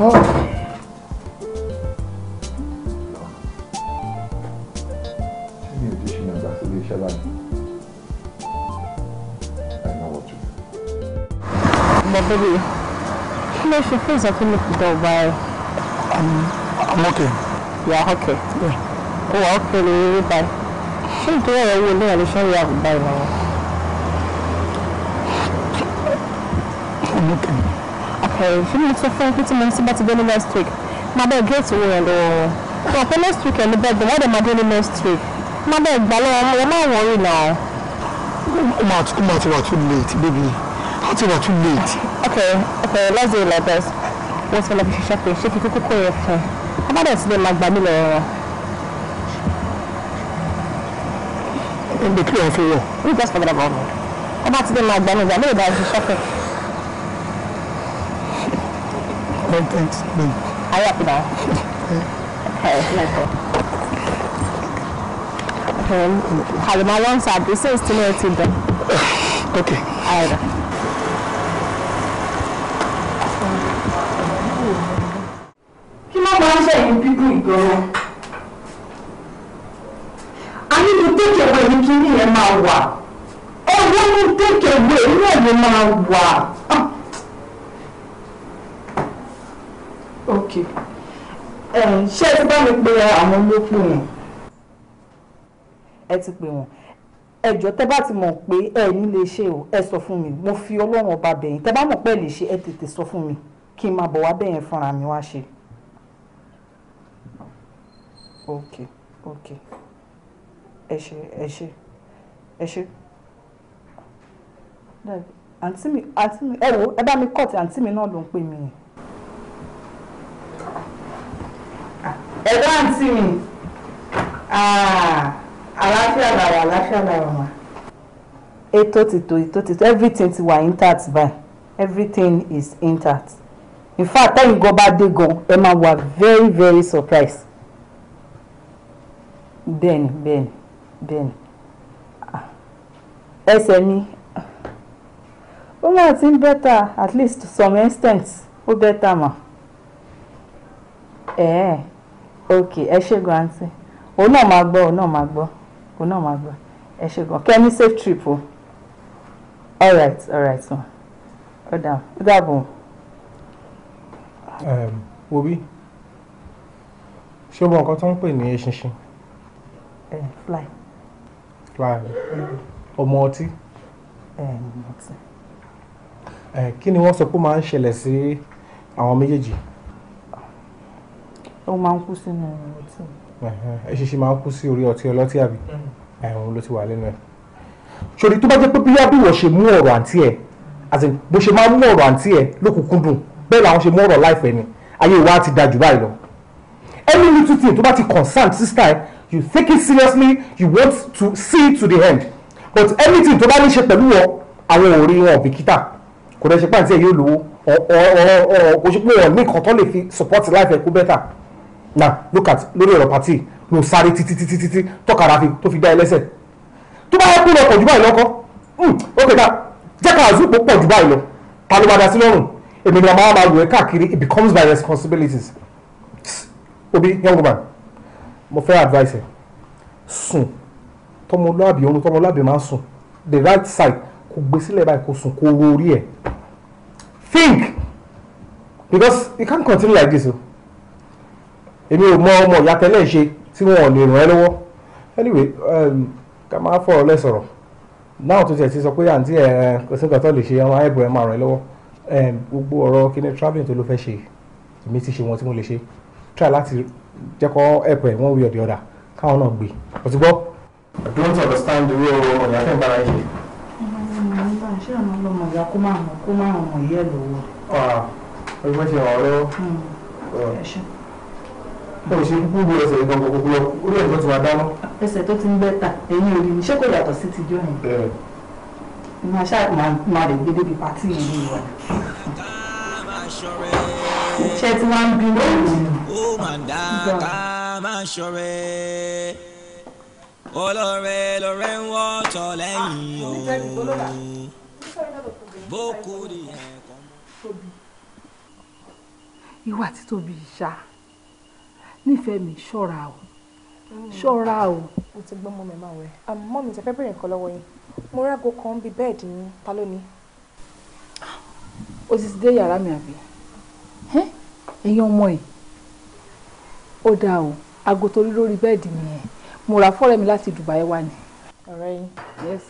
Oh. But baby, no, she feels like you look dull by. I'm, I'm okay. Yeah, okay. Yeah. Oh, okay, really, bye. She do it, you know, and she will have bye now. I'm okay. Okay, she needs to find 50 minutes about to go next week. My dad gets away and all. So, for next week, and the bed, what am I doing next week? My dad, I'm not worried now. Come out, come out, you're too late, baby ti wà too late. okay okay let's do it like this What's going to be fi ṣiṣẹ́ pé ṣé kíkú kókó yẹn fún un abádọ̀ sí lè máa gbà mí clear wọn. you. we just forget about me wọ́n bá ti lè máa gbà mí gbà mí ìbára ṣiṣẹ́ pé. content name. ayé àpò dáa. okay let's go. Okay. How Halima, once I'll be since 2018 then. Okay. All right. kí ló máa ń ṣẹ̀yìn bíbú ìgboro a ní ní tẹ́kẹ̀wé ní kíní yẹn máa wà ọwọ́ ní tẹ́kẹ̀wé náà ló máa wà. ok ṣé ẹ ti bá mi pe àwọn olókùn yẹn ẹ ti pè wọ́n ẹjọ tẹ bá ti mọ̀ pé ẹ ní lè ṣe o ẹ sọ fún mi mo fi Ọlọ́run ọba bẹ̀yín tẹ bá mọ̀ pé ẹ lè ṣe ẹ tètè sọ fún mi kí n máa bọ̀ wá bẹ́ẹ̀ yẹn fúnra mi wá ṣe. ok ok ẹ ṣe ẹ ṣe ẹ ṣe àǹtí mi àǹtí mi ẹ wò ẹ bá mi kọ́ọ̀tì àǹtí mi náà ló ń pè mí yẹn. ẹ̀dá àǹtí mi ah, àlàáfíà làwà àlàáfíà làwà mà. ètò ti ètò ti everything ti wà intact báyìí everything is intact in fact when you go back gan go Emma wà very very surprised bẹ́ẹ̀ni bẹ́ẹ̀ni bẹ́ẹ̀ni ah, ẹsẹ̀ mi ó máa ti better at least to some extent Who better ma? Eh. Okay. ẹ ṣe gan àǹtí òun náà máa gbọ́ òun náà máa gbọ́ òun náà máa gbọ́ ẹ ṣe gan kẹ́mi safe trip o alright alright ma ó dàbọ̀ ó Ehm, wobi ṣé o mọ nǹkan tó ń pè ní eṣinṣin. Eh, fly. fly ọmọ ọtí. Eh, eh, kí ni wọ́n sọ pé máa ń ṣẹlẹ̀ sí àwọn méjèèjì. ó máa ń kú sínú ọtí. eṣinṣin máa ń kú sí orí ọtí ọlọ́tí àbí mm. òun ló ti wà lẹ́nu ẹ̀. ṣòrí tó bá jẹ́ pé bí wọ́n ṣe mú ọ̀rọ̀ àǹtí ẹ̀ àti bó ṣe máa mú ọ̀rọ̀ àǹtí ẹ̀ lókùnkúndùn bẹ́ẹ̀ làwọn ṣe mọ́rọ̀ láìpẹ́ ni ayé wa ti dájú báyìí lọ any little thing tó bá ti concern sister you take it seriously you want to see it to the end but anything tó bá ní ṣe pẹ̀lú ọ àwọn ò rí wọn bìkítà kò dẹ̀ ṣe pàǹtí ẹ̀ yóò lówó kò ṣe pé wọn ní nǹkan tó lè fi support life ẹ̀ kú better now look at lórí ọ̀rọ̀ party ló sáré títí títí títí tọ́kara fi tó fi dá ẹ lẹ́sẹ̀ tó bá yẹ kó lọ pọ̀ jù báyìí lọ́kọ́ hmm, ok na jẹ́ ká àzúpọ̀ pọ̀ jù báyìí lọ ta ló bá da sí lọ́rùn èmi ni màmá máa lò ẹ́ káàkiri it becomes my responsibilities obi young woman mo fẹ́ advice ẹ sùn tọmọlúàbí oorun tọmọlúàbí máa ń sùn the right side kò gbé sílẹ̀ báyìí kò sùn kò ro orí ẹ̀ think because you can't continue like this o èmi ò mọ ọmọ ìyá tẹ́lẹ̀ ṣe tí wọn ò lè ràn ẹ́ lọ́wọ́ anyway um, ká máa fọ̀rọ̀ lẹ́sọ̀rọ̀ náà tó tiẹ̀ ti sọ pé àǹtí ẹ̀ kò sí nǹkan tó lè ṣe àwọn ẹ̀bùn ẹ̀ máa ràn ẹ́ lọ́wọ́ gbogbo ọ̀rọ̀ kíni traveling tó ló fẹ́ ṣe èmi ti ṣe wọn tí mo lè ṣe try láti jẹ́ ẹ̀pẹ̀ one way or the káwọn náà gbé o ti gbọ́. I don't understand the way ọ̀yà fẹ́ bára yìí. ṣé ọ̀nà ọlọ́mọ ìyá kó máa mọ̀ kó máa mọ̀ yẹ́ lọ́wọ́. ọ̀rọ̀ ṣe ah, ọ̀rọ̀ o ṣe kúkú bí ẹsẹ̀ ìgbọ̀n kòkòrò orí ẹ̀gbọ́n ti wá dáná. ẹsẹ̀ tó ti ń bẹ́ta ẹ̀yìn orí ni ṣé kò yàtọ̀ sí tijọ́ yẹn máa ṣáà máa lè gbé débi pàtí ìlú wa ṣe tí wọ́n ń bí lóòrùn. ó máa dá ń wọ́ tọ́ lẹ́yìn ah, o bókú ni ẹ̀kọ́. ìwà títóbi ìṣá nífẹ̀ẹ́ mi ṣọ́ra o mm. ṣọ́ra o. mo ti gbọ́ mọ́ mi máa wẹ̀ àmọ́ mi ti fẹ́ bẹ̀rẹ̀ nǹkan lọ́wọ́ yín mo rágo kan bíi bẹ́ẹ̀dì yín ta ló ni. ó ti ti dé yàrá mi àbí ẹ̀yin ọmọ ẹ̀ ó dáa o aago torí lórí bẹ́ẹ̀dì mi yẹn mo rà fọ́rẹ́ mi láti Dubai wá ni. ọ̀rẹ́ yes.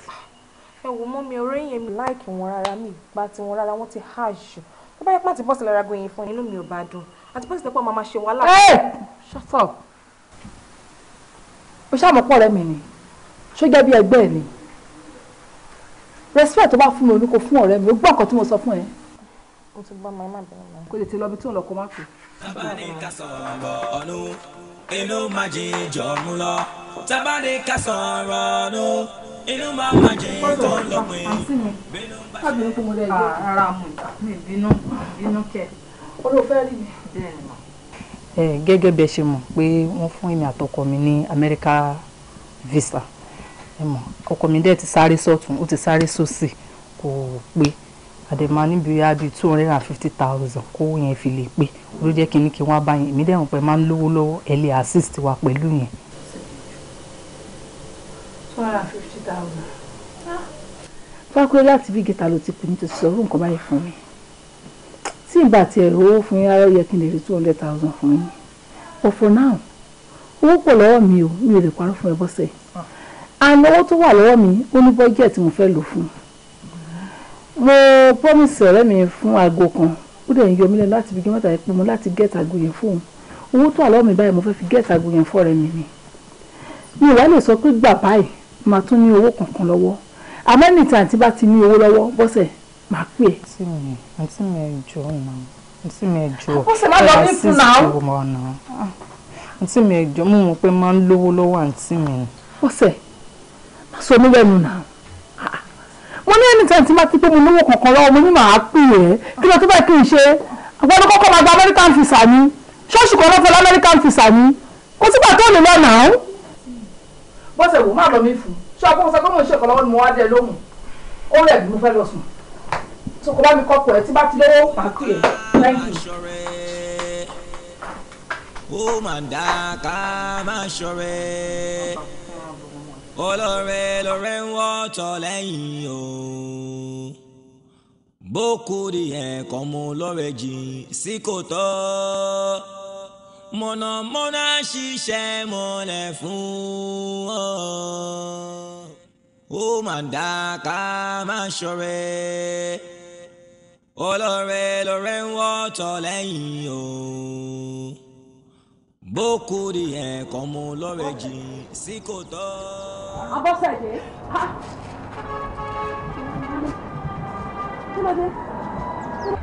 ẹ wò mọ́ mi ọ̀rẹ́ yẹn mi like wọn rárá mi ìgbà tí wọn rárá wọn ti há jù tó bá yẹ pé àti bọ́ọ̀sì lára aago yẹn fún yín inú mi ò Ati dùn àti bọ́ọ̀sì mama máa wala. Hey! shut up o ṣáà mọ̀ pọ̀ rẹ mi ni ṣó jẹ́ bí ẹgbẹ́ ni respect tó bá fún mi ò ní kó fún ọ̀rẹ́ mi ó gbọ́ nǹkan tí mo sọ fún ẹ. mo ti gbọ́ máa má bẹ̀rẹ̀ máa. kó lè ti lọ bí tí òun lọ kó má pè. tábà ah, ní ká sọ̀rọ̀ ọ̀nù inú máa jí jọ̀rún lọ tábà ní ká sọ̀rọ̀ ọ̀nù inú máa máa jí tó lọ́pin. káàbí ní kó mo lè yọ ara mu mi bínú bínú kẹ olóòfẹ́ rí mi. gẹ́gẹ́ bí ẹ ṣe mọ̀ pé wọ́n fún èmi àtọkọ mi ní Amẹ́ríkà visa ẹ mọ̀ ọkọ mi dẹ̀ ti sáré sọ̀tún ó ti sáré sósì kò pé àdèmà níbi àbí two hundred and fifty thousand kówó yẹn fi lè pé ló jẹ́ kí n ní kí wọ́n bá yẹn èmi dẹ̀ mọ̀ pé máa ń lówó lọ́wọ́ ẹ lè assist wa pẹ̀lú yẹn. two hundred and fifty thousand. Ah. fákúrẹ́ láti bí gẹ́tà ló ti pè ní tó ti nǹkan báyìí fún mi tí ìgbà tí ẹ̀ owó fún yín rárá yẹ kí n lè rí two hundred thousand fún yín but for now owó pọ̀ lọ́wọ́ mi ò mi ò lè parọ́ fún ẹ bọ́sẹ̀ yìí and owó tó wà lọ́wọ́ mi ó ní bọ́jẹ̀ tí mo fẹ́ lò fún mo promise ọ̀rẹ́ mi fún aago kan ó dẹ̀ ń yọ mí lẹ́nu láti fi gbẹ́mọ́ta yẹn pé mo láti get aago yẹn fóun owó tó wà lọ́wọ́ mi báyìí mo fẹ́ fi get aago yẹn fọ́ọ̀rẹ́ mi ni mi ìwà lè sọ pé gbà báyìí màá tún ní owó kankan lọ́wọ́ àmọ́ ní tàǹtí bá ti ní owó lọ́wọ́ bọ́sẹ̀ màá pè é. àǹtí mi àǹtí mi ẹ jọ ọ̀nà àǹtí mi ẹ jọ àǹtí mi ẹ mọ̀ pé máa ń lówó lọ́wọ́ àǹtí mi. bọ́sẹ̀ sọ mí lẹ́nu náà mo ní ẹni tẹ̀sí máa ti pé mo lówó kankan lọ́wọ́ mo ní màá pè é kí ló tó bẹ́ẹ̀ kí n ṣe àwọn kọ́kọ́ máa gba American visa ni ṣọ́ọ̀ṣì kan lọ́fọ́ lamẹ́ríkàn visa ni kò sígbà tó lè lọ́nà án. bó ṣe wù má lọ mí fún ṣé ọkọ sọ pé mo ń ṣèkọ lọ́wọ́ ni mo wá dé lóhùn ó rẹ̀ bí mo fẹ́ lọ sùn tó kọ bá mi kọ́kọ́ ẹ̀ tí bá ti lówó máa pè é thank you. ó mà dá ká má ṣọ̀rẹ́ olóore lóore ń wọ́tọ̀ lẹ́yìn o bókùrì ẹ̀kọ́ mu lóore jìn sí kòtò mọ̀nàmọ́ná ṣiṣẹ́ mọ́lẹ̀ fún ọ ó mà dá má ṣọ̀rẹ́ olóore lóore ń wọ́tọ̀ lẹ́yìn o bókùrì ẹ̀ kọ́ mu lọ́rẹ̀ jìn sí kò tọ́. abọ́sẹ̀dé kí ló dé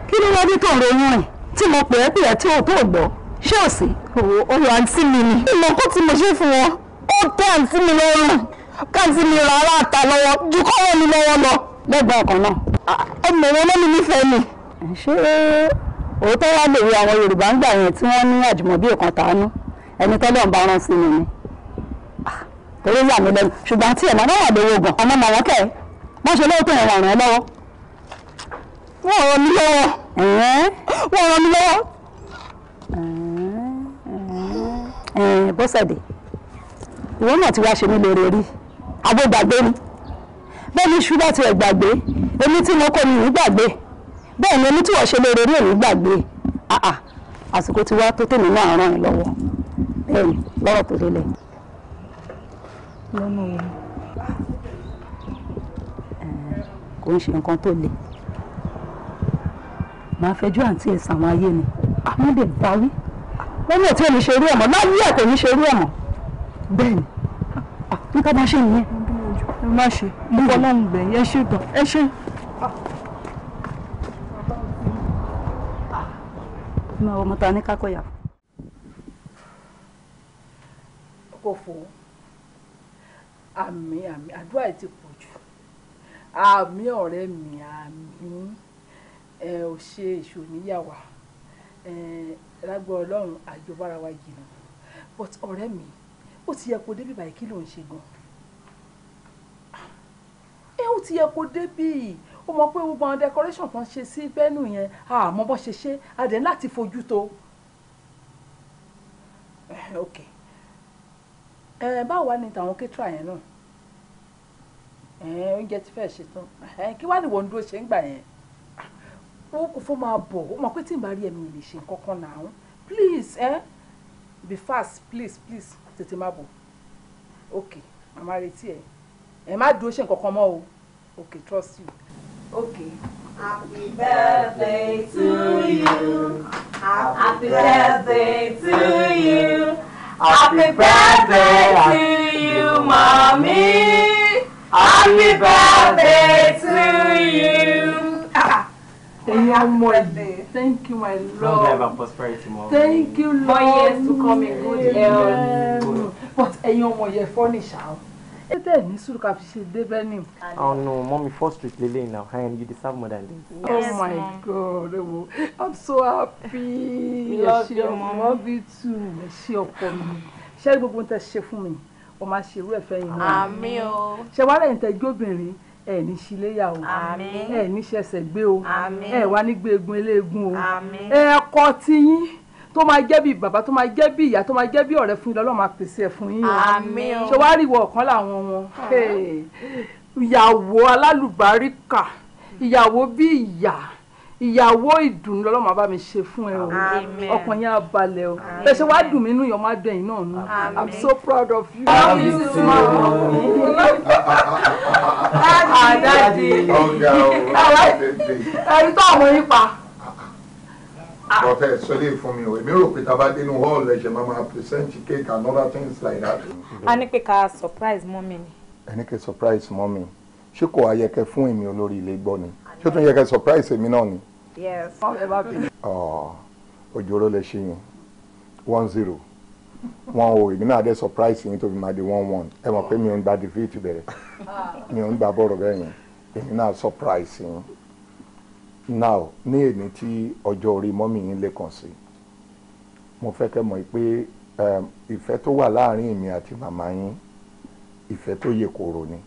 kí ló dé tó ń ronú rìn tí mo pè é pè é tí o tó gbọ́ ṣé ò sí. òwò ọyọ àǹtí mi ni. ìmọ̀kú tí mo ṣe fún wọn ó tẹ àǹtí mi lọ́rùn káàtì mi ra aláàta lọ́wọ́ ju kọ́wọ́ mi lọ́wọ́ lọ lẹ́gbẹ̀ẹ́ ọkàn náà. ọmọ ìwọ lẹ́nu nífẹ̀ẹ́ mi. ṣé òótọ́ wá lòwe àwọn yorùbá ń gbà yẹn tí wọ́n ní àjùmọ̀bí ọ̀kan tàánú ẹni tọ́lọ́ ń bá rán sí mi ni ah, torí yà mí lẹ́nu ṣùgbọ́n tí ẹ̀ máa wà lówó gan ọmọ màwọn kẹ́ ẹ má ṣe lọ́wọ́ yẹn ràn ẹ́ lọ́wọ́. wọ́n ràn mí lọ́wọ́ wọ́n ràn mí lọ́wọ́. bọ́sẹ̀dẹ̀ ìwọ náà ti wá ṣe mí lóore rí gbàgbé ni bẹ́ẹ̀ ni ṣúgbà gbàgbé. bẹ́ẹ̀ ni ẹni tí wọ́n ṣe lóore ní òní gbàgbé ah, ah, àsìkò ti wá tó tèmi náà ràn ẹ́ lọ́wọ́ bẹ́ẹ̀ ni lọ́rọ̀ tó lélẹ̀. lọ́nà wo kò ń ṣe nǹkan tó le màá fẹjọ́ àǹtí ẹ̀ sàwọn ayé ni àwọn ah, dẹ̀ bá wí lọ́nà tí èmi ṣe rí ẹ̀mọ́ láyé ẹ̀ kò ní ṣe rí ẹ̀mọ́ bẹ́ẹ̀ ni nǹkan máa ṣe nìyẹn. ẹ má ṣe mo kọ́ lọ́hùn-ún bẹ̀yẹn ẹ ṣe tán ẹ ṣe. náà ọmọ ta ní kákọ́yà. kò fò àmì àmì àdúrà a pọ̀ jù àmì ọ̀rẹ́ mi àmì ẹ ò ṣe èṣù níyàwá ẹ lágbọ́ ọlọ́run àjọbára wa jìnnà but ọ̀rẹ́ mi ó ti yẹ kó débi báyìí kí ló ń ṣe gan-an ẹ e, ó ti yẹ kó débi ó mọ pé gbogbo àwọn decoration kan ṣe sí bẹ́ẹ̀nù yẹn àmọ́ bó ṣe ṣe adẹ̀ láti fojú tó báwo wá ní tàwọn kétra yẹn náà oúnjẹ ti fẹ́ ṣe tán kí wá ní wọ́n ń dúró ṣe ń gbà yẹn wọn kò fọ́ máa bọ̀ ó mọ̀ pé tí n bá rí ẹ̀mí lè ṣe nǹkan náà please eh? be fast please please tètè má bọ̀ ok màmá retí ẹ ẹ má dúró ṣe nǹkan kan mọ́ o ok trust you. Okay. Happy birthday to you. Happy birthday to you. Happy birthday to you, mommy. Happy birthday to you. Thank you, my, thank you, my Lord. Long life prosperity, Mom. Thank you, Lord. For years to come in good health. But ẹ̀yin ọmọ yẹn furnish out ẹ tẹ̀ ní sùúrù ká fi ṣe débẹ̀ ni. oh no mọ́mi first street lélẹ̀ now and you deserve more than this. Oh yes oh my mom. god ewo i'm so happy. ẹ ṣe ọmọ wọn bí tù ẹ ṣe ọkọ mi ṣé gbogbo ń tẹ ṣe fún mi o máa ṣe irú ẹ̀fẹ́ yìí náà. àmín o. ṣé wàá lẹ́yìn tẹ jóbìnrin ẹ ní ṣíléyà o àmín ẹ ní ṣẹ̀ṣẹ̀ gbé o àmín ẹ wá ní gbé egun eléegun o àmín ẹ kọ́ tiyín tó máa jẹ́ bí bàbá tó máa jẹ́ bí ìyá tó máa jẹ́ bí ọ̀rẹ́ fún yín máa pèsè ẹ̀ fún yín àmín ṣé wàá rí ìwọ ọ̀kan làwọn wọn ah. ìyàwó alálùbáríkà ìyàwó bí ìyá ìyàwó ìdùnnú lọ́lọ́mọ bá mi ṣe fún ẹ o ọkàn yẹn á balẹ̀ o bẹ́ẹ̀ wá dùn mí nínú ìyọ̀mọ́ adùn ẹ̀yìn náà nù i'm so proud of you. àmì sí ma mọ̀ mí. àdáde àwa ẹ̀rí tó àwọn yín pa. Prophet Sọlé fún mi o, èmi rò pé tàbá dénú hall ẹ̀ṣẹ̀ máa máa present cake and other things like that. A surprise mommy. ni. surprise mommy. Ṣé kò wá yẹ kẹ fún èmi olórí ni? Ṣé ó tún surprise èmi náà ni? Yes, mom ẹ bá bì. Òjòrò lè ṣe yẹn one zero one o oh, èmi náà dé surprise yín tó fi máa di one one ẹ mọ̀ mi ò gba defeat bẹ̀rẹ̀ mi ò ń gba ah. bọ́ọ̀rọ̀ bẹ́ẹ̀ yẹn èmi náà surprise yín now ní èmi tí ọjọ́ orí mọ́mì yín lékàn sí mo fẹ́ kẹ́ mọ̀ pé ehm, ìfẹ́ tó wà láàrin èmi àti màmá yín ìfẹ́ tó yè kòrò ni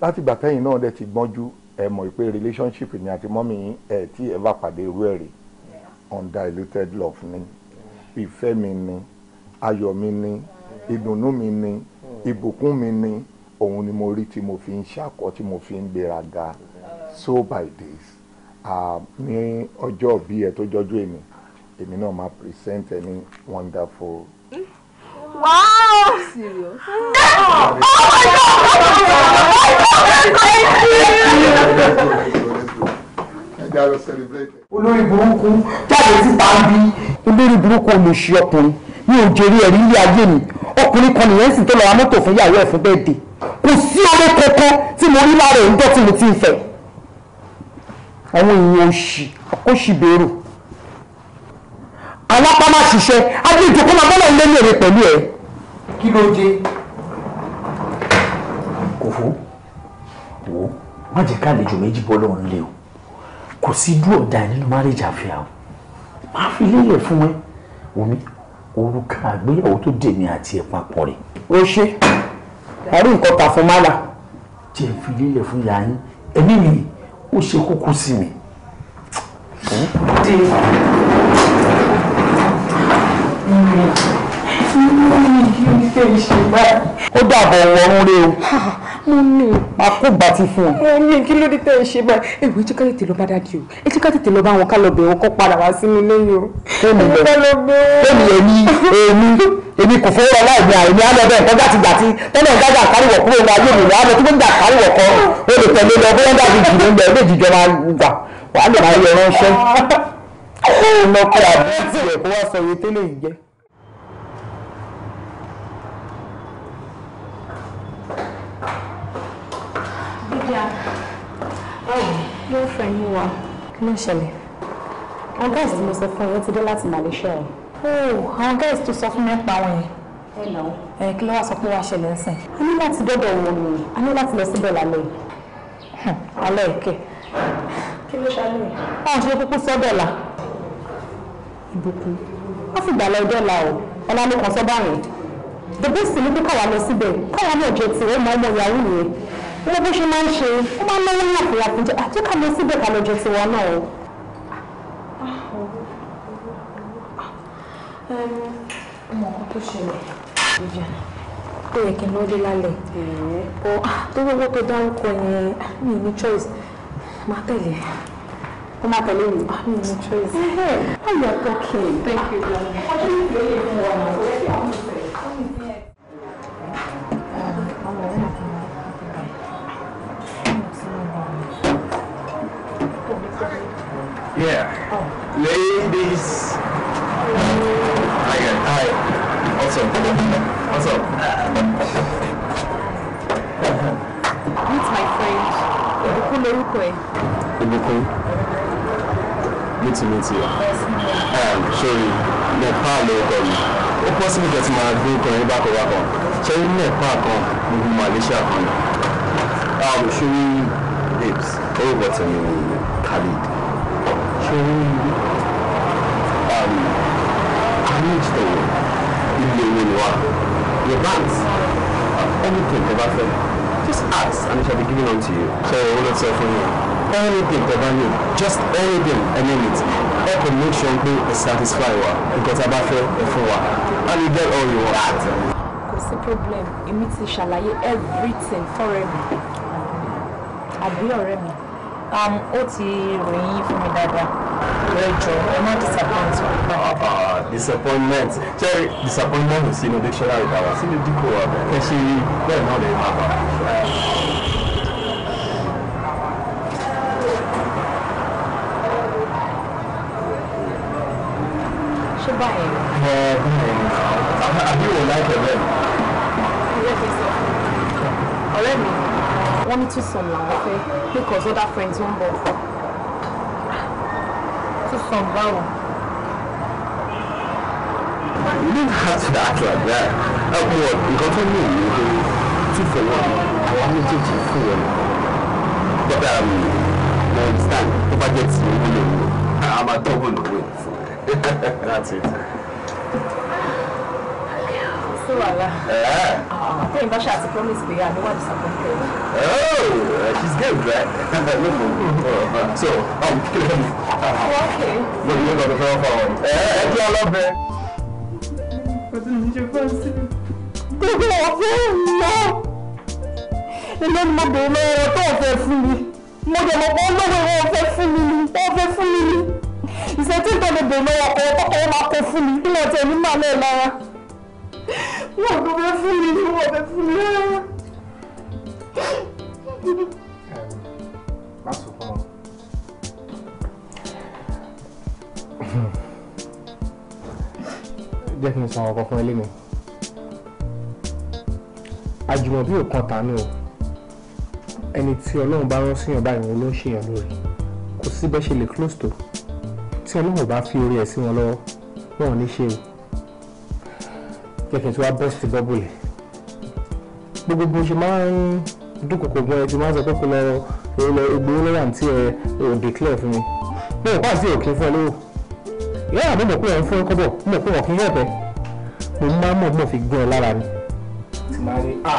láti gbà tẹ́yìn náà dẹ̀ ti gbọ́njú ẹ mọ̀ pé relationship ni àti mọ́mì yín ẹ̀ tí ẹ bá pàdé irú ẹ̀ rí undiluted love ni ìfẹ́ mi ni ayọ̀ mi ni ìdùnnú mi ni ìbùkún mi ni òun ni mo rí tí mo fi ń ṣàkọ́ tí mo fi ń gbéraga so by this ní ọjọ́ bí ẹ tó jọjú èmi èmi náà máa present ẹ ní wonderful. wow serious. Oh, oh my god olórí burúkú jáde síta ń bí olórí burúkú olùṣí ọkùnrin ní òjèrè ẹ̀rí ilé ayé mi ọkùnrin kan nìyẹn sì tó lọ ra mọ́tò fún yàrá ẹ̀ fún bẹ́ẹ̀ dé kò sí oore kankan tí mo rí lára ẹ̀ ń dọ́tí mo ti ń fẹ́ àwọn èèyàn òṣì àkóṣìbérò alápá má ṣiṣẹ́ adéjò kó máa bọ́lá ilé ní pẹ̀lú ẹ̀ kí ló dé kò fó wò má jẹ́ kálejò méjì bọ́ lọ́run lé o kò sí dúró da nínú márèjì àfihàn máa fi lélẹ̀ fún ẹ omi orúkọ àgbéyàwó tó dèmi àti ẹ̀ papọ̀ rẹ̀ ó ṣe àrí nǹkan tà fún mọ́là tí ẹ fi fún yàrá yín ẹ̀mí mi ó ṣe kókó sí mi. Thank hm? you fẹ́ ṣe báyìí. ó dàbọ̀ ọ̀run rẹ o. mo ní. àkóbá ti fún ọ. ẹ ní kí ló dé tẹ́ ẹ ṣe báyìí. èwo ẹ ká tètè lọ bá dáàdi o ẹ jẹ́ ká tètè lọ bá wọn ká lọ bẹ̀ wọn kó padà wá sínú ilé yìí o. èmi èmi èmi èmi kò fọwọ́ aláìní àìní alẹ́bẹ̀ nǹkan láti gbà tí tọ́lẹ̀ ń dájà káríwọ̀ kúrò ní ayé mi lọ́wọ́ tí mo ń dà káríwọ̀ kan o lè tẹ̀lé lọ bóyá dàbí jù ní ilẹ̀ méjì jọba gbà wàá lè máa yẹ ránṣẹ́. *laughs* ó lọ kọ́ tiẹ̀ kó wá sọ iye tẹ́lẹ̀ yìí jẹ́. dáa. girlfriend mi wà. kí ló ń ṣẹlẹ̀? àwọn guys tí mo sọ fún ẹ wọ́n ti dé láti Malaysia o. oh àwọn guys tó sọ fún mi pa wọn yẹn. ẹ lọ. ẹ kí ló wá sọ pé wàá ṣẹlẹ̀ ń a ní láti dọ́dọ̀ wọn ni a ní láti lọ síbẹ̀ lálẹ́ yìí. alẹ́ ìkẹ́. kí ló ṣàlù yìí. wọn ṣe kúkú sọ́dọ̀ la. ìbùkún wọ́n fi gbàlẹ́ ọjọ́ la o ọlá ló kàn sọ́dọ̀ àwọn. the best ni kó kọ̀ wá lọ síbẹ̀ kọ̀ wá ní ọjọ́ tiwọn mọ́ ọmọ ìyàwó yẹn wọ́n bó ṣe máa ń ṣe ó máa ń náwó ní àpòyàpòjọ àti ká lọ síbẹ̀ ká lọ jẹ tiwa náà o. ọmọ kan tó ṣẹlẹ̀ ó yẹ kí n lọ́ọ́ dé lálẹ́ ọ ah, tó gbogbo tó dárúkọ yẹn mi ní choice máa tẹ̀lé ó máa tẹ̀lé mi ah, mi ní choice. báyọ̀ tọ́kì. thank you. Here. Ladies. Hi guys. Hi. What's up? What's up? Meet my friend. Ìbùkún lorúkọ ẹ̀. Ìbùkún. Meet you, meet you. Um, sorry, Nepal lorúkọ mi. Ó pọ́ sí mi kẹ́ ti máa gbé ọkùnrin bákọ̀bákọ̀. Ṣé ní Nepal kan, Malaysia kan? Um, sorry, babes. Orúkọ tẹ̀lé mi sharing um, arrange the ilé ìwé what your banks anything tẹ́ bá just ask and it shall be given unto you. So, ṣe will not say for you. anything tẹ́ bá ní just anything I any it. ẹ kò make sure pé ẹ satisfy wa nǹkan tá a bá fẹ́ ẹ fún wa and you get all you want. kò sí problem èmi ti ṣàlàyé everything fọ́rẹ́ mi àbí ọ̀rẹ́ mi. Um, ó ti ròyìn fún mi dáadáa rẹjọ ẹ má disappoint wa. Ah, ah, ah, disappointment ṣé disappointment sí inú dictionary dáwà sínú dípò ẹ ṣe bẹ́ẹ̀ náà lè má bà. ṣé báyìí. wọ́n ní tùsùn làwọn fẹ́ because other friends ń bọ̀. tùsùn báwo. you don't have to act like that ọ̀pọ̀ nǹkan tó ní ìlú pé two for one àwọn méjèèjì fún wọn bọ́dà mi um, mo understand tó bá jẹ́ ti owó lè wò á máa tọ́wọ́ that's it. sí wàhálà. Then Basha has promised me, I know what is disappointed. Oh, uh, she's good, right? no problem. Uh, so, um, kill him. Uh, okay. No, you got the phone call. Eh, I love her. What did you fancy? Gbogbo ọ̀fẹ́ lọ. Ilé ni mo bèèrè lọ́wọ́ tó ọ̀fẹ́ fún mi. Mo jẹ̀ mọ̀ pé olówó ìwọ ọ̀fẹ́ fún mi ni. Ọ̀fẹ́ fún mi ni. Ìṣètí ìtọ́ni bèèrè lọ́wọ́ ọkọ̀ ọkọ̀ máa kó fún mi. Bí wọ́n ti ẹni máa lẹ́ẹ̀ lára fún mi ni wọ́n fẹ́ fún mi rárá. má sunkún mọ́. jẹ́ kí n sọ àwọn ọkọ̀ fún ẹ lẹ́nu. àjùmọ̀bí ò kan tàánú o ẹni tí ọlọ́run bá rán síyàn báyìí wọn ló ń ṣèyàn lórí kò síbẹ̀ ṣe lè close to tí ọlọ́run bá fi orí ẹ̀ sí wọn lọ́wọ́ wọn ò ní ṣe o jẹ́ kí n tí wá bọ́ọ̀sì bọ́ọ̀bù yẹn gbogbo o ṣe máa ń dúnkòkò gan ẹ ti máa ń sọ pé kò lọ ilẹ̀ egbò lọ́yà tí ẹ ò declare fún mi mi ò pàṣẹ òkè fún ẹ lówó ìyá àmì mọ̀ pé ẹ̀ ń fún ẹ kọ́bọ̀ mọ̀ pé ọ̀kí yẹ̀ bẹ́ẹ̀ mo máa ń mọ̀ mọ̀ fi gbé ẹ lára ni. ti máa rí a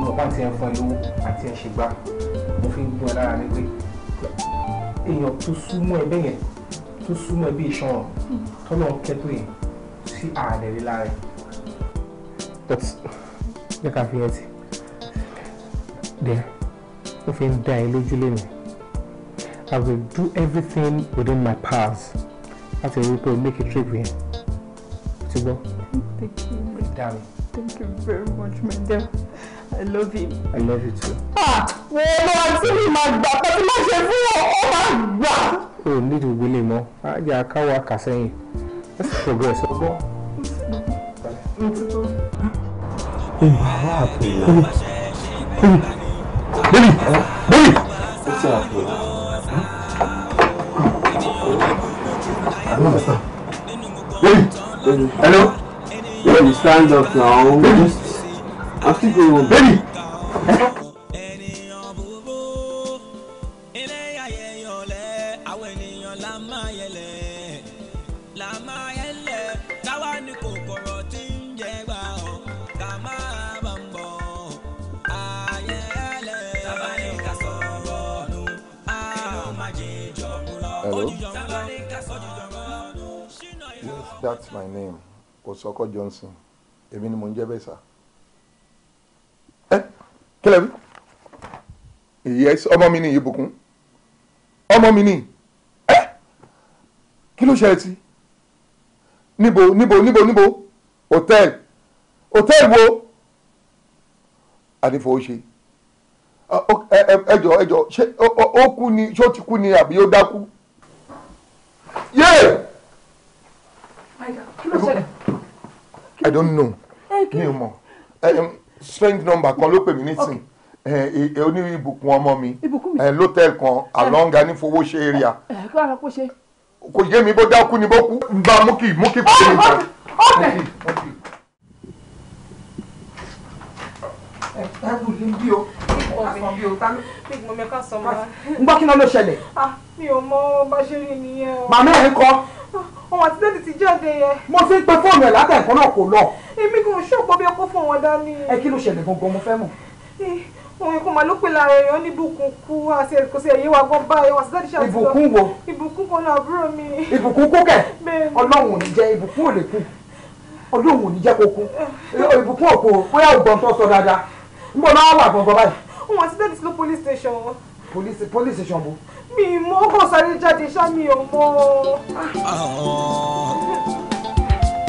mo bá ti ẹ fún ẹ lówó àti ẹ ṣègbà mo fi ń gbé ẹ lára ni pé èèyàn tó súnmọ́ ẹ bẹ́yẹn tó súnmọ́ ẹ bí ìṣàn tọ́lọ́ kẹ́tó yẹn sí ààrẹ rí lára ẹ̀ but jẹ́ ká fi yẹn ti then ó fi ń dá ẹ lójú lónìí I will do everything within my powers láti rí pé o make a trip here. ti gbọ́. thank you my darling. thank you very much my dear I love you. I love you too. ah wo ló wá sí mi máa gbà pé tí máa ṣe fún ọ ọ máa gbà. o ní ìdìbò ilé mọ́ ajá káwọ́ àkàsẹ́yìn let's progress ọgbọ́n. So baby baby. Baby, baby, hello. Baby, stand up now. Baby, I'm still going home. Baby. name Osoko Johnson èmi ni mò ń jẹ́ bẹ́ẹ̀ sà. ẹ kílẹ̀ wí yes ọmọ mi ni ìbùkún ọmọ mi ni ẹ kí ló ṣẹlẹ̀ sí níbo níbo níbo níbo hòtẹ́ẹ̀lì hòtẹ́ẹ̀lì wo àdìfọwọ́ṣe ẹjọ ẹjọ ṣé ó kú ni ṣé ó ti kú ni àbí ó dákú. yéè. Yeah! I don't know. Mi ò Um, Strange number kan ló pè mí nísìn. Eh, e, oní ìbùkún ọmọ mi. Eh, Lọ́tẹ̀lì kan along Anífowóṣe area. Eh, Kò yé mi bó dákú ni bó kú. Gba mú kí mú kí pè mí. Ẹ ẹ bù lé bí o ń gbọ́ kí náà ló ṣẹlẹ̀. Ah, mi ò mọ bá ṣe rí nìyẹn o. màmá ẹ̀ ń kọ́. Ah, ọmọ àti dẹ́ẹ̀dì ti jáde yẹn. mo ti ń pe fóònù ẹ̀ látẹ̀kọ́ náà kò lọ. èmi kò ń ṣọ́pọ̀ bí ọkọ̀ fún wọn dání. ẹ kí ló ṣẹlẹ̀ gangan mo fẹ́ mọ̀. òun eh, ikú màá ló pè lára èèyàn ní ibùkún kú àti kò sí ẹ̀yẹ wa gbọ́n báyìí wà sí dẹ́ẹ̀dì ṣàtúntò. ibùkún wo. ibùkún kan náà àbúrò mi. ibùkún kú kẹ̀. ọlọ́run ò ní jẹ́ ibùkún ò lè kú ọlọ́run ò ní jẹ́ kó kú eh. ibùkún òkú bóyá ògbọ́n tó sọ dáadáa ń bọ̀ náà wà gbọ̀ngàn báyìí wọn ti tẹ́tí lọ police station. police police station bo. mi mọ ọkọ sáré jáde ṣá mi ò mọ.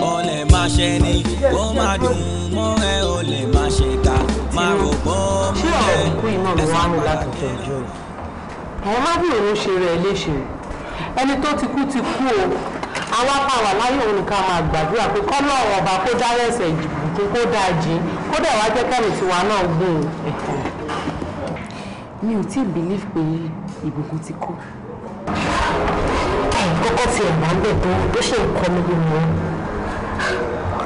o lè má ṣe ni kó má dùn mọ́ ẹ o lè má ṣe ká má rò bọ́ mọ́ ẹ. ṣé ọ̀rọ̀ ìkú iná mi wá ní látọ̀tọ̀ ìjọ rẹ̀ àwọn mábìrin ṣe rẹ̀ léṣe ẹni tó ti kú ti kú o àwa pa wà láyé òun nìkan máa gbàdúrà pé kọ́lọ́ ọba kó dárẹ́sẹ̀ ìbùkún kó dáa jí kó dẹ̀ wá jẹ́ kẹ́mi tiwa náà gùn ún mi ò tíì believe pé ìbùkún ti kú. kọ́kọ́ ti ẹ̀ máa ń bẹ̀ tó tó ṣe nǹkan mi bí mo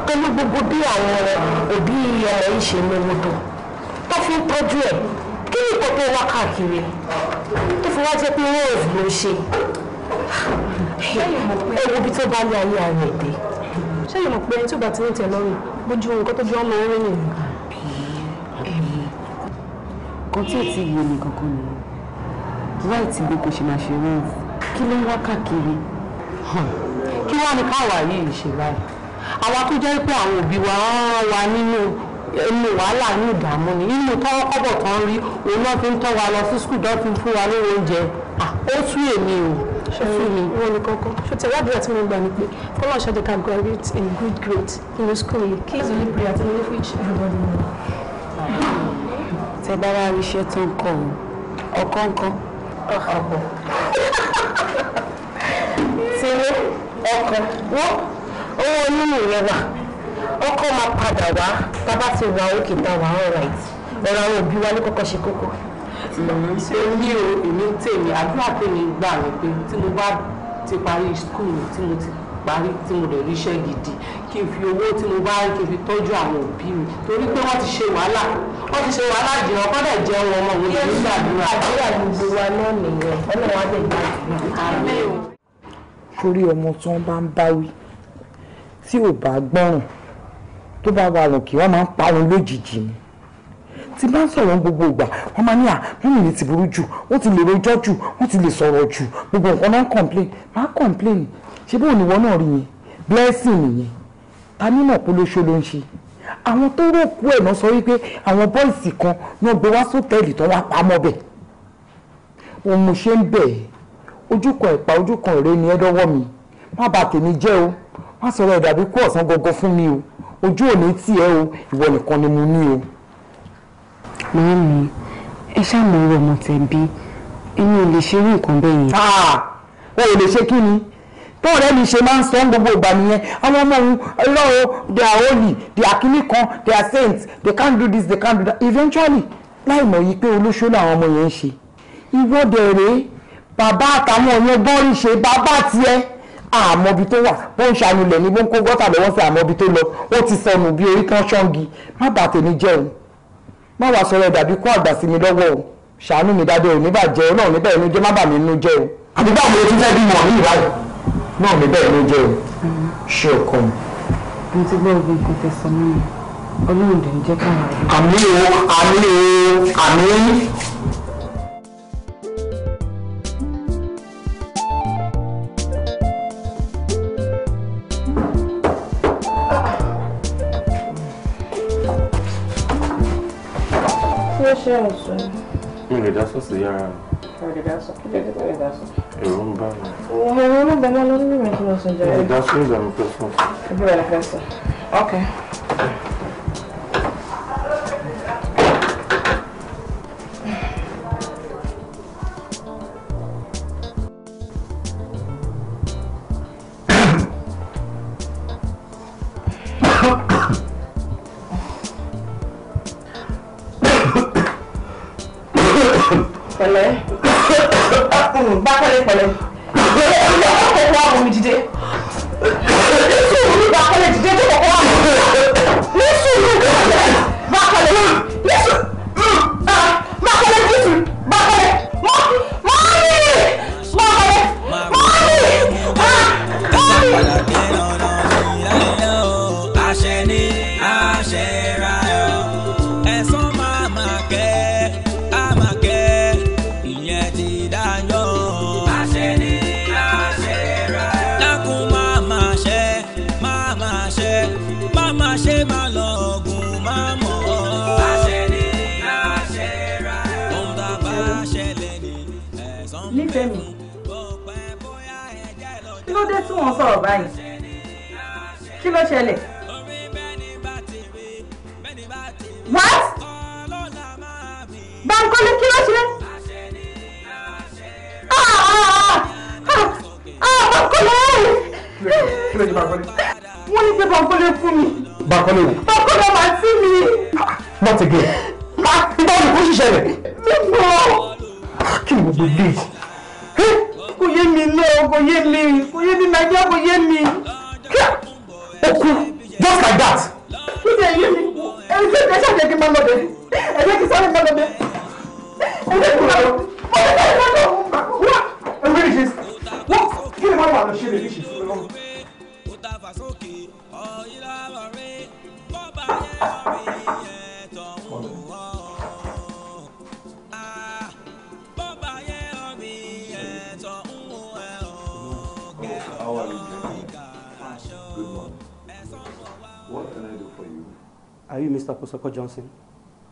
pẹ̀lú gbogbo bí àwọn òbí ọmọ yìí ṣe lówó tó tó fi ń tọ́jú ẹ̀ kí ni kò tó wá káàkiri tó fi wá jẹ́ pé rose ló ṣe ewu bí tó bá ní ayé ara dé. ṣé ìmọ̀ pé ẹni tó bá ti ń tẹ̀ lọ́rùn bójú nǹkan tó jọ ọmọ orin nìyẹn nǹkan tí ò tí ì yé mi kankan nìyẹn láì tí gbogbo ṣe máa ṣe wọ́n kí ló ń wá káàkiri kí wá ní káwa yìí ṣe báyìí àwa tó jẹ́ pé àwọn òbí wa rán wa nínú inú wàhálà ní ìdààmú ni inú tọ́wọ́ kọ́bọ̀ kan rí òun náà fi ń tọ́ wa lọ sí skul náà fi ń fún wa lórí oúnjẹ ó tú èmi o ṣùgbọ́n mi wọn ni kọ́kọ́ ṣùtẹ̀ ládùúrà tí mo gbà ní pé kọ́lọ́ ṣàdéka graduate in good grade inú skul yìí kí ìzòlí prayer tí ní fún everybody tẹ bá wá rí iṣẹ́ tó ń kọ o ọkọ ńkọ́. ọkọ tìrẹ ọkọ wọ owó nínú rẹ wà ọkọ máa padà wá tábà ti wà òkè tá wà alright ọ̀rọ̀ àwọn òbí wa ní kọ́kọ́ ṣe kókó. ṣé mi ò èmi tèmi àdúrà tèmi gbà mí pé tí mo bá ti parí skul tí mo ti parí tí mo lè ríṣẹ́ gidi kí n fi owó tí mo bá ń kí n fi tọ́jú àwọn òbí mi torí pé wọ́n ti ṣe wàhálà wọ́n ti ṣe wàhálà jìnnà kọ́ dẹ̀ jẹun ọmọ mi ní gbàdúrà. àdúrà ni gbogbo wa náà nìyẹn ọlọ́run á dẹ̀ gbàdúrà. torí ọmọ tí wọ́n bá ń báwí tí ò bá gbọ́ràn tó bá wà lọ wọ́n máa ń parun lójijì ni tí bá ń sọ̀rọ̀ gbogbo ìgbà wọ́n máa ní à mímì lè ti burú jù wọ́n ti lè rojọ́ jù wọ́n ti lè sọ̀rọ̀ jù gbogbo nǹkan náà ń complain máa complain ṣé bóun ni wọ́n náà rí yẹn blessing nìyẹn ta ní mọ̀ polóṣó ló ń ṣe àwọn tó rògbò ẹ̀ náà sọ wípé àwọn bọ́ìsì kan náà gbé wá sọ́tẹ́ẹ̀lì tó wá pamọ́ bẹ̀ òun mo ṣe ń bẹ̀ ojú kan ẹ̀pà ojú kan ọ̀rẹ́ ni ẹ dọ́wọ́ mi má bà tèmi jẹ́ o má sọ̀rọ̀ ẹ̀dàbí kú ọ̀sán gọgọ fún mi o ojú òní tì ẹ́ o ìwọ nìkan ni mo ní o. màámi ẹ ṣàmúlò ọmọ tẹ̀bí inú ò lè ṣerú nǹkan bẹ́ẹ̀ yẹn. ó lè ṣe kí ni bọ́ọ̀ rẹ́ mi ṣe máa ń sọ ń gbogbo ìgbà nìyẹn àwọn ọmọ òun ọlọ́run they are holy they are kìíní kan they are saints they can't do this they can't do that eventually láì mọ̀ yìí pé olóṣó làwọn ọmọ yẹn ń ṣe ìwọ́de rèé bàbá àtàwọn yẹn bọ́ọ̀rì ṣe bàbá tiẹ̀ àmọ́bi tó wà bó ń ṣàlùlẹ̀ ní bó ń kó gọ́tà lọ́wọ́ sí àmọ́bi tó lọ ó ti sọnù bí orí kan ṣọ́ngi má bà tèmi jẹ́ o má wàá sọ̀rọ̀ dàbí kó àgbà sí mi lọ́wọ́ o ṣàánú mi dáadé o níbàjẹ́ o náà níbẹ̀ ẹnu jẹ́ má bà mí nú jẹ́ o. àbí báwo ló ti fẹ́ bímọ ní ìbáyìí náà mi bẹ́ẹ̀ ló jẹ́ o ṣé o kọ́ mi. mo ti gbọ́ ogun kan tẹ̀sán náà ọlọ́run dẹ̀ ń jẹ́ káwọn. àmì o àmì o àmì. ṣe ọ̀sán. mi ò lè dá sọ́ọ̀sì yára. mi lè dá sọ́ọ̀sì èrò ń bá mi. òun ẹ̀rọ olóògbé náà ló ń lè mí kí lọ sùn jẹ́. ìdásílẹ̀ ìdàmú pé fún un. ìbúra ẹ̀ fẹ́ sọ. okay. wo lélẹ̀ kò yé mi lé kò yé mi kò yé mi nàìjíríà kò yé mi ó just like that. kí ni èyí mi ẹni tí ẹ ṣàjẹ́ kí n máa lọ bẹ̀rẹ̀ ẹni tí sáré máa lọ bẹ̀rẹ̀ ẹni tí máa lọ bẹ̀rẹ̀ mo ní ká lọ bá wá ẹni tí kí ni wọ́n wà lọ ṣe lè ṣe sí lọ́wọ́. ó rẹ̀ bọ́ bá yẹ ọ̀rẹ́ yẹn. Are you Mr. Kosoko Johnson?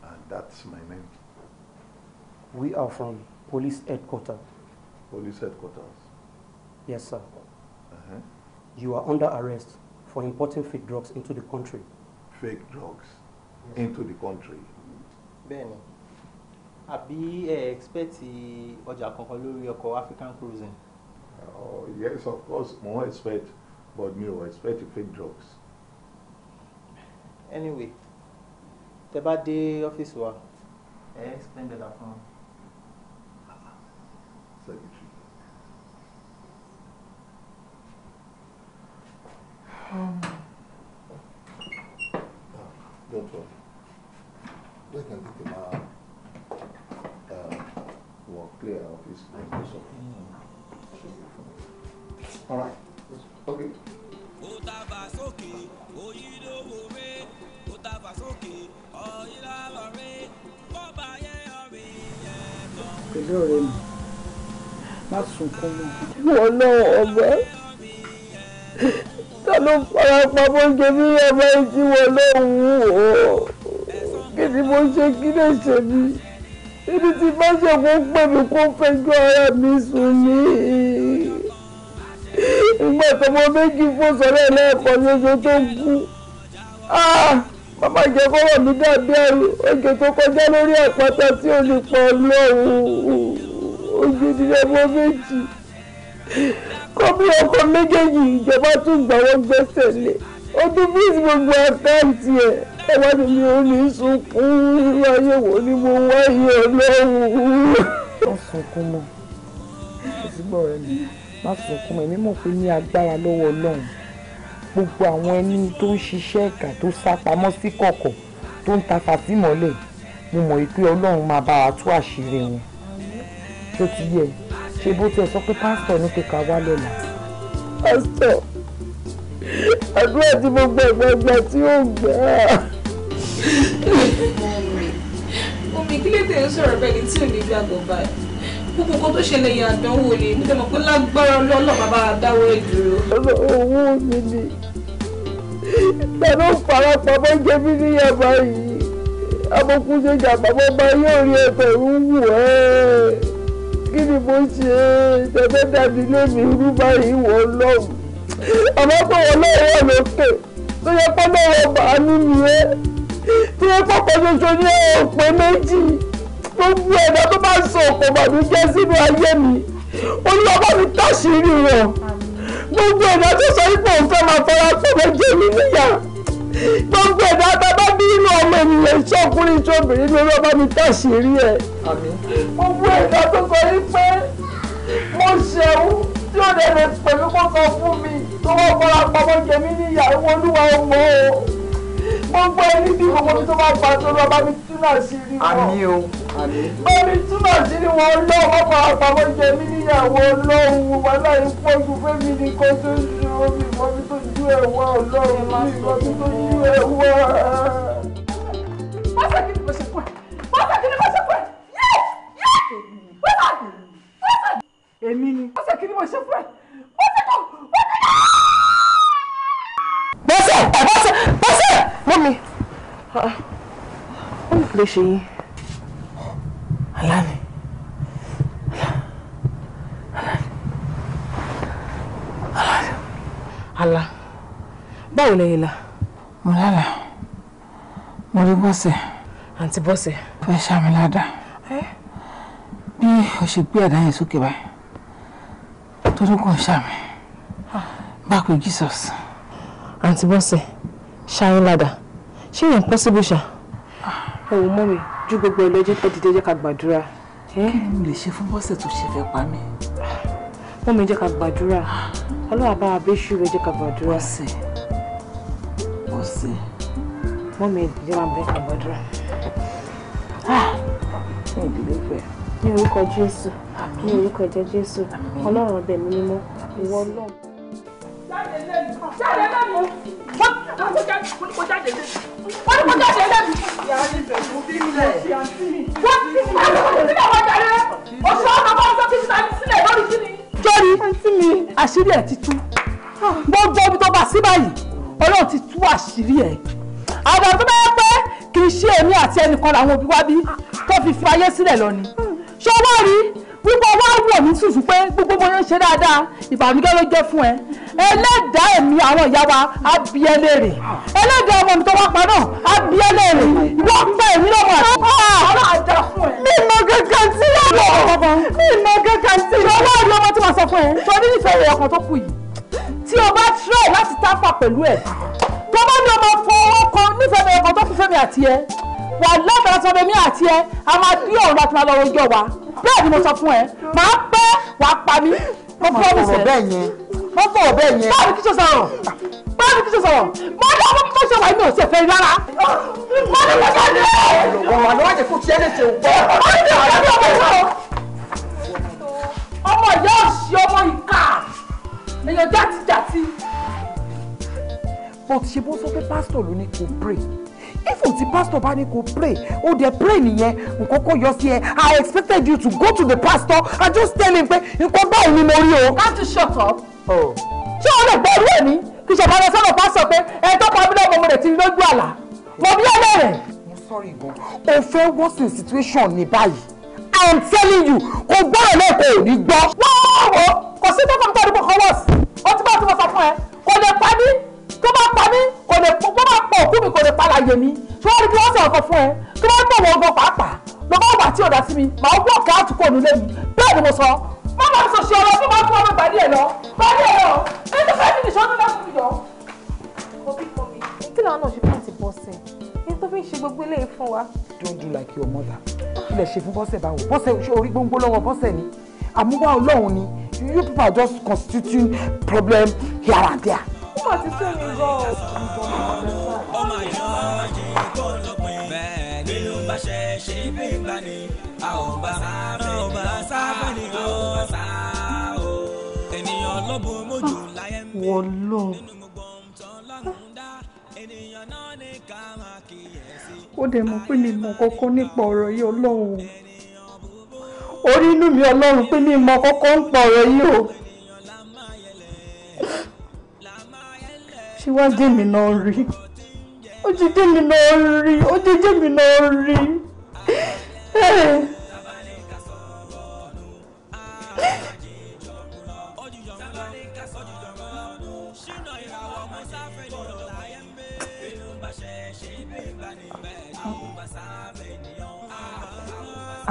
Uh, that's my name. We are from police headquarters. Police headquarters? Yes, sir. Uh-huh. You are under arrest for importing fake drugs into the country. Fake drugs yes. into the country? Ben, I be expect ọjà kankan lórí African cruising? Oh, yes, of course, mo expect, but me ò expect fake drugs. Anyway, tẹ bá dé ọ́fíìsì wa. ẹ explain better fún wa. secretary. Um. don't worry. we can take him out. we'll clear office. All right. Okay ta fà sókè ọ̀yìnlá ọ̀rẹ́ bọ́ọ̀bà yẹ ọ̀rẹ́ yẹ tọ̀. pẹ̀lú ọ̀rẹ́ mi má sunkún mọ́. wọn náà ọgbẹ́ ta ló fara pa bóńjẹ bí ọmọ etí wọn náà wù ó kí ni mo ṣe kí lè ṣe mí ibi tí bá ṣe kó pè mí kó fẹjọ́ ara mi sùn mí ìgbà tọmọ méjì fò sọ̀rọ̀ ẹ̀ lẹ́ẹ̀kan ṣoṣo tó kú. Ah! màmá jẹ fọwọ́ mi dàbí ẹrù oge tó kọjá lórí àpáta tí ò lè pọ̀ lọ́rùn ògidì ẹ̀mọ méjì kọ́bí ọkọ méjèèjì ìjọba tún gbà wọ́n gbẹ́sẹ̀ lé ọdún bíìsì gbogbo àkáǹtì ẹ̀ ẹ wá ní mi ò ní sunkún ayé wo ni mo wá yẹ ọlọ́run. má sunkún mọ́ ìsìgbọ́ rẹ ni má sunkún mọ́ èmi mọ̀ pé ní agbára lọ́wọ́ ọlọ́run gbogbo àwọn ẹni tó ń ṣiṣẹ́ ẹ̀ka tó sá pamọ́ sí kọ̀kọ̀ tó ń ta fàtímọ́lẹ̀ mo mọ̀ pé ọlọ́run máa bá wa tú àṣírí wọn tó ti yẹ ṣe bó tiẹ̀ sọ pé pásítọ̀ ní pé wá lọ́la. pásítọ̀ àdúrà tí mo gbọ́ ìgbàgbà tí ó gbà á. omi kí ló ń sọ̀rọ̀ bẹ́ẹ̀ ni tí ò ní gbàgbọ́ báyìí gbogbo nǹkan tó ṣẹlẹ̀ yẹn àdánwò ni mo pé lágbára lọ́lọ́ bàbá dáwọ́ ẹ̀ dúró. owó mi ni pẹ̀lú ìfarapamọ́ jẹ́ mí níyà báyìí amọ̀kú ṣe jàpamọ́ bá yóò rí ẹ̀fẹ̀ ń wù kí ni mo ṣe ìtẹ̀fẹ́ dàbí lómi irú báyìí wọ̀ lọ́hùn àmọ́ pé wọ́n lọ́wọ́ lókè tó yẹ pé lọ́wọ́ bàánú mi ẹ́ tó yẹ pé ọkọ̀ ṣoṣo ní ọ̀pẹ méjì gbogbo ẹ̀dá tó bá ń sọ òkò bàdújẹ́ sínú ayé mi olúwa bá mi táṣìírí wọn gbogbo ẹ̀dá tó sọ ipò òǹfẹ́ máa fara pọ̀ méjì mi níyà gbogbo ẹ̀dá tá a bá bí inú ọmọ ènìyàn iṣẹ́ ọkùnrin tí obìnrin ni olúwa bá mi táṣìírí ẹ̀ gbogbo ẹ̀dá tó sọ wípé mo ṣẹ̀wú tí ó dẹ̀ lè pẹ̀lú kó sọ fún mi tó wọ́n fara pọ̀ méjì mi níyà ìwọ olúwa ọmọ gbogbo ẹni bí gbogbo mi tó bá pa tó lọ bá mi túnà sí rí wọn. àmì o àmì. bá mi túnà sí rí wọn lọ́wọ́ ọkọ̀ àpamọ́ jẹ mí níyàwó lọ́hùn wọn láì pọ́jú fẹ́mi ní kó tó ju omi ìmọ̀bí tó ju ẹ̀wọ̀ ọlọ́run ní ìmọ̀bí tó ju ẹ̀wọ̀. pásítọ̀ ni mo ṣe mo ṣe fún ẹ yé yé pásítọ̀ pásítọ̀. èmi ni. mọ́mi ó ní kílé ṣe yín. aláàmì àlá báwo lẹ́yìn la. mo lálàá mo rí bọ́sẹ̀. àǹtí bọ́sẹ̀. fẹ́ ṣàmì ládàá bí o ṣe gbé ẹ̀dá yẹn sókè báyìí tó dúkùn ṣàmì bá pe Jesus. àǹtí ṣáyín ládà ṣé yẹn pọ́síbù ṣá. ẹ wò mọ́ mi ju gbogbo ẹ lọ́jọ́ pẹ́ dídé jẹ́ ká gbàdúrà. kí ni mo lè ṣe fún bọ́sẹ̀ tó ṣe fẹ́ pa mí. mọ́ mi jẹ́ ká gbàdúrà ah. ọlọ́wà bá abéṣu rẹ̀ jẹ́ ká gbàdúrà. bọ́sẹ̀ bọ́sẹ̀. mọ́ mi jẹ́ máa bẹ́ẹ̀ ká gbàdúrà. ní ìdílé fẹ́. ní orúkọ jésù ní orúkọ ẹ̀jẹ̀ jésù ọlọ́run ọbẹ̀ mi mímọ́ ìwọ ọlọ́run. jáde lẹ́nu jáde lẹ́nu jọ́rí àṣírí ẹ̀ ti tú gbogbo omi tó bá sí báyìí ọlọ́run ti tú àṣírí ẹ̀ àwọn ọ̀dọ́ bá pẹ́ kì í ṣe èmi àti ẹnìkan làwọn òbí wá bí tó fi fi ayé sílẹ̀ lọ ni ṣọwọ́ rí wípé wá wọ̀ ní ṣùṣù pé gbogbo bóyá ń ṣe dáadáa ìbànújẹ́ ló jẹ́ fún ẹ ẹlẹ́dàá ẹ̀mí àwọn ìyá wa á bí ẹ léèrè ẹlẹ́dàá ọmọ mi tó wá pa náà á bí ẹ léèrè ìwọ gba èmi lọ́wọ́ àti. ọ̀rọ̀ ah, àjà mi mọ kankan tí ó mi mọ kankan tí ó lọ. ìwọ wá ọmọ tí mo sọ fún ẹ torí nífẹ̀ẹ́ rẹ̀ ọkàn tó kù yìí tí o bá try láti tápà pẹ̀lú ẹ̀ tó bá ní ọmọ fọwọ́ kan nífẹ̀ẹ́ rẹ̀ ọkàn tó kù fẹ́mi wà lọ́fẹ̀ẹ́ sọ pé mí àti ẹ a máa bí ọ̀run láti máa lọ rojọ́ wa bẹ́ẹ̀ ni mo sọ fún ẹ máa pẹ́ wà á pa mí mo promise ẹ. wọ́n bọ̀ bẹ́ẹ̀ yẹn. báwo ni kí ṣe sọ̀rọ̀ báwo ni kí ṣe sọ̀rọ̀ mo ní ọmọ tó ṣe wà ní òsè fẹ́ rárá mo ní mo ṣe ní. ọ̀rọ̀ àlọ́ wájú kò tiẹ̀ lè ṣe òpó. ọmọ ìyá òṣì ọmọ ìka èèyàn játijàti. bó ti ṣe bó sọ pé pásítọ̀ ló ní kò pray even the pastor bá ní kò pray ó dẹ̀ pray nìyẹn nǹkan kò yọ sí ẹ i expected you to go to the pastor and just tell him pé nǹkan báyìí ni mo rí o. can't you shut up. Oh. ṣé o lè gbọ́ ìwé mi kì í ṣe ìbára sọ́nà pásọ̀ pé ẹ tó pa mí lọ́gbọ̀n mo lè ti lójú àlá mo bí ọ̀lẹ́ rẹ̀. mo sorry gan o fẹ́ worsen situation ní báyìí i am telling you kò gbọ́rọ̀ náà kò rí gbọ́. wọ́n wọ́n kò sí tó kọ́ mi tó dúpọ̀ kọ́ wọ́ọ̀sì ọtí bá ti mọ̀ sọ fún ẹ kò lè pa mí tó bá pa mí kò lè tó bá pọ̀ òkú mi kò lè pa láyé mi tí wọ́n rí bí wọ́n sọ̀rọ̀ kan fún ẹ tó bá tọ̀ wọ́n gan pàápàá ló bá wà tí ò dá sí mi màá wọ̀ ká àtúkò nílé mi bẹ́ẹ̀ ni mo sọ má bàa sọ ṣe ọ̀rọ̀ bí máa fún ọmọ ìbàdí ẹ̀ lọ ìbàdí ẹ̀ lọ ẹni fẹ́ẹ́ fi nìṣọ́nú lọ́sùn yọ. kí làwọn náà ṣe pàǹtí bọ́sẹ̀ ní tó fi ń ṣe gbogbo eléyìí fún wa. don't do like your mother kí lè ṣe fún bọ́sẹ̀ báwo bọ́sẹ̀ orí gbóngbó lọ́wọ́ bọ́sẹ̀ ni àmúwá ọlọ́run ni you people are just constituting problem here and there ó mà ti pè mí gan o. ọmọ àyàn jẹ kó lópin bẹ́ẹ̀ ni ló bá ṣe ṣe bí ìgbà ni a ò bá sáfẹ́ ò bá sáfẹ́ ni o ènìyàn lọ́bùn mójú láyé ń bẹ nínú gbogbo nǹkan lọ́hùn dá ènìyàn náà ní ká máa kíyèsí. ó dẹ̀ mọ̀ pé mi mọ̀ kókó nípa ọ̀rọ̀ yìí ọlọ́run orí inú mi ọlọ́run pé mi mọ̀ kókó ń pa ọ̀rọ̀ yìí o. ṣé wá dé mi náà rí ó ti dé mi náà rí ó ti dé mi náà rí.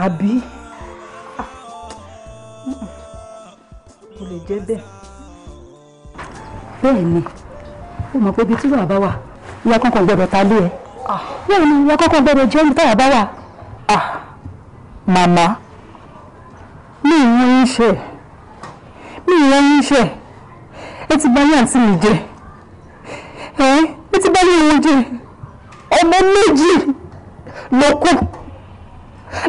àbí kò lè jẹ́ bẹ́ẹ̀ bẹ́ẹ̀ ni ó mọ̀ pé ibi tí wàá bá wà ìyá kankan gbọ́dọ̀ ta lé ẹ bẹ́ẹ̀ ni ìyá kankan gbọ́dọ̀ jẹ́ omi táyà bá wà. Ah, màmá mi ì rán yín ṣe mi ì rán yín ṣe ẹ ti bá yín àǹtí mi jẹ ẹ ẹ ti bá yín òun jẹ ọmọ méjì ló kù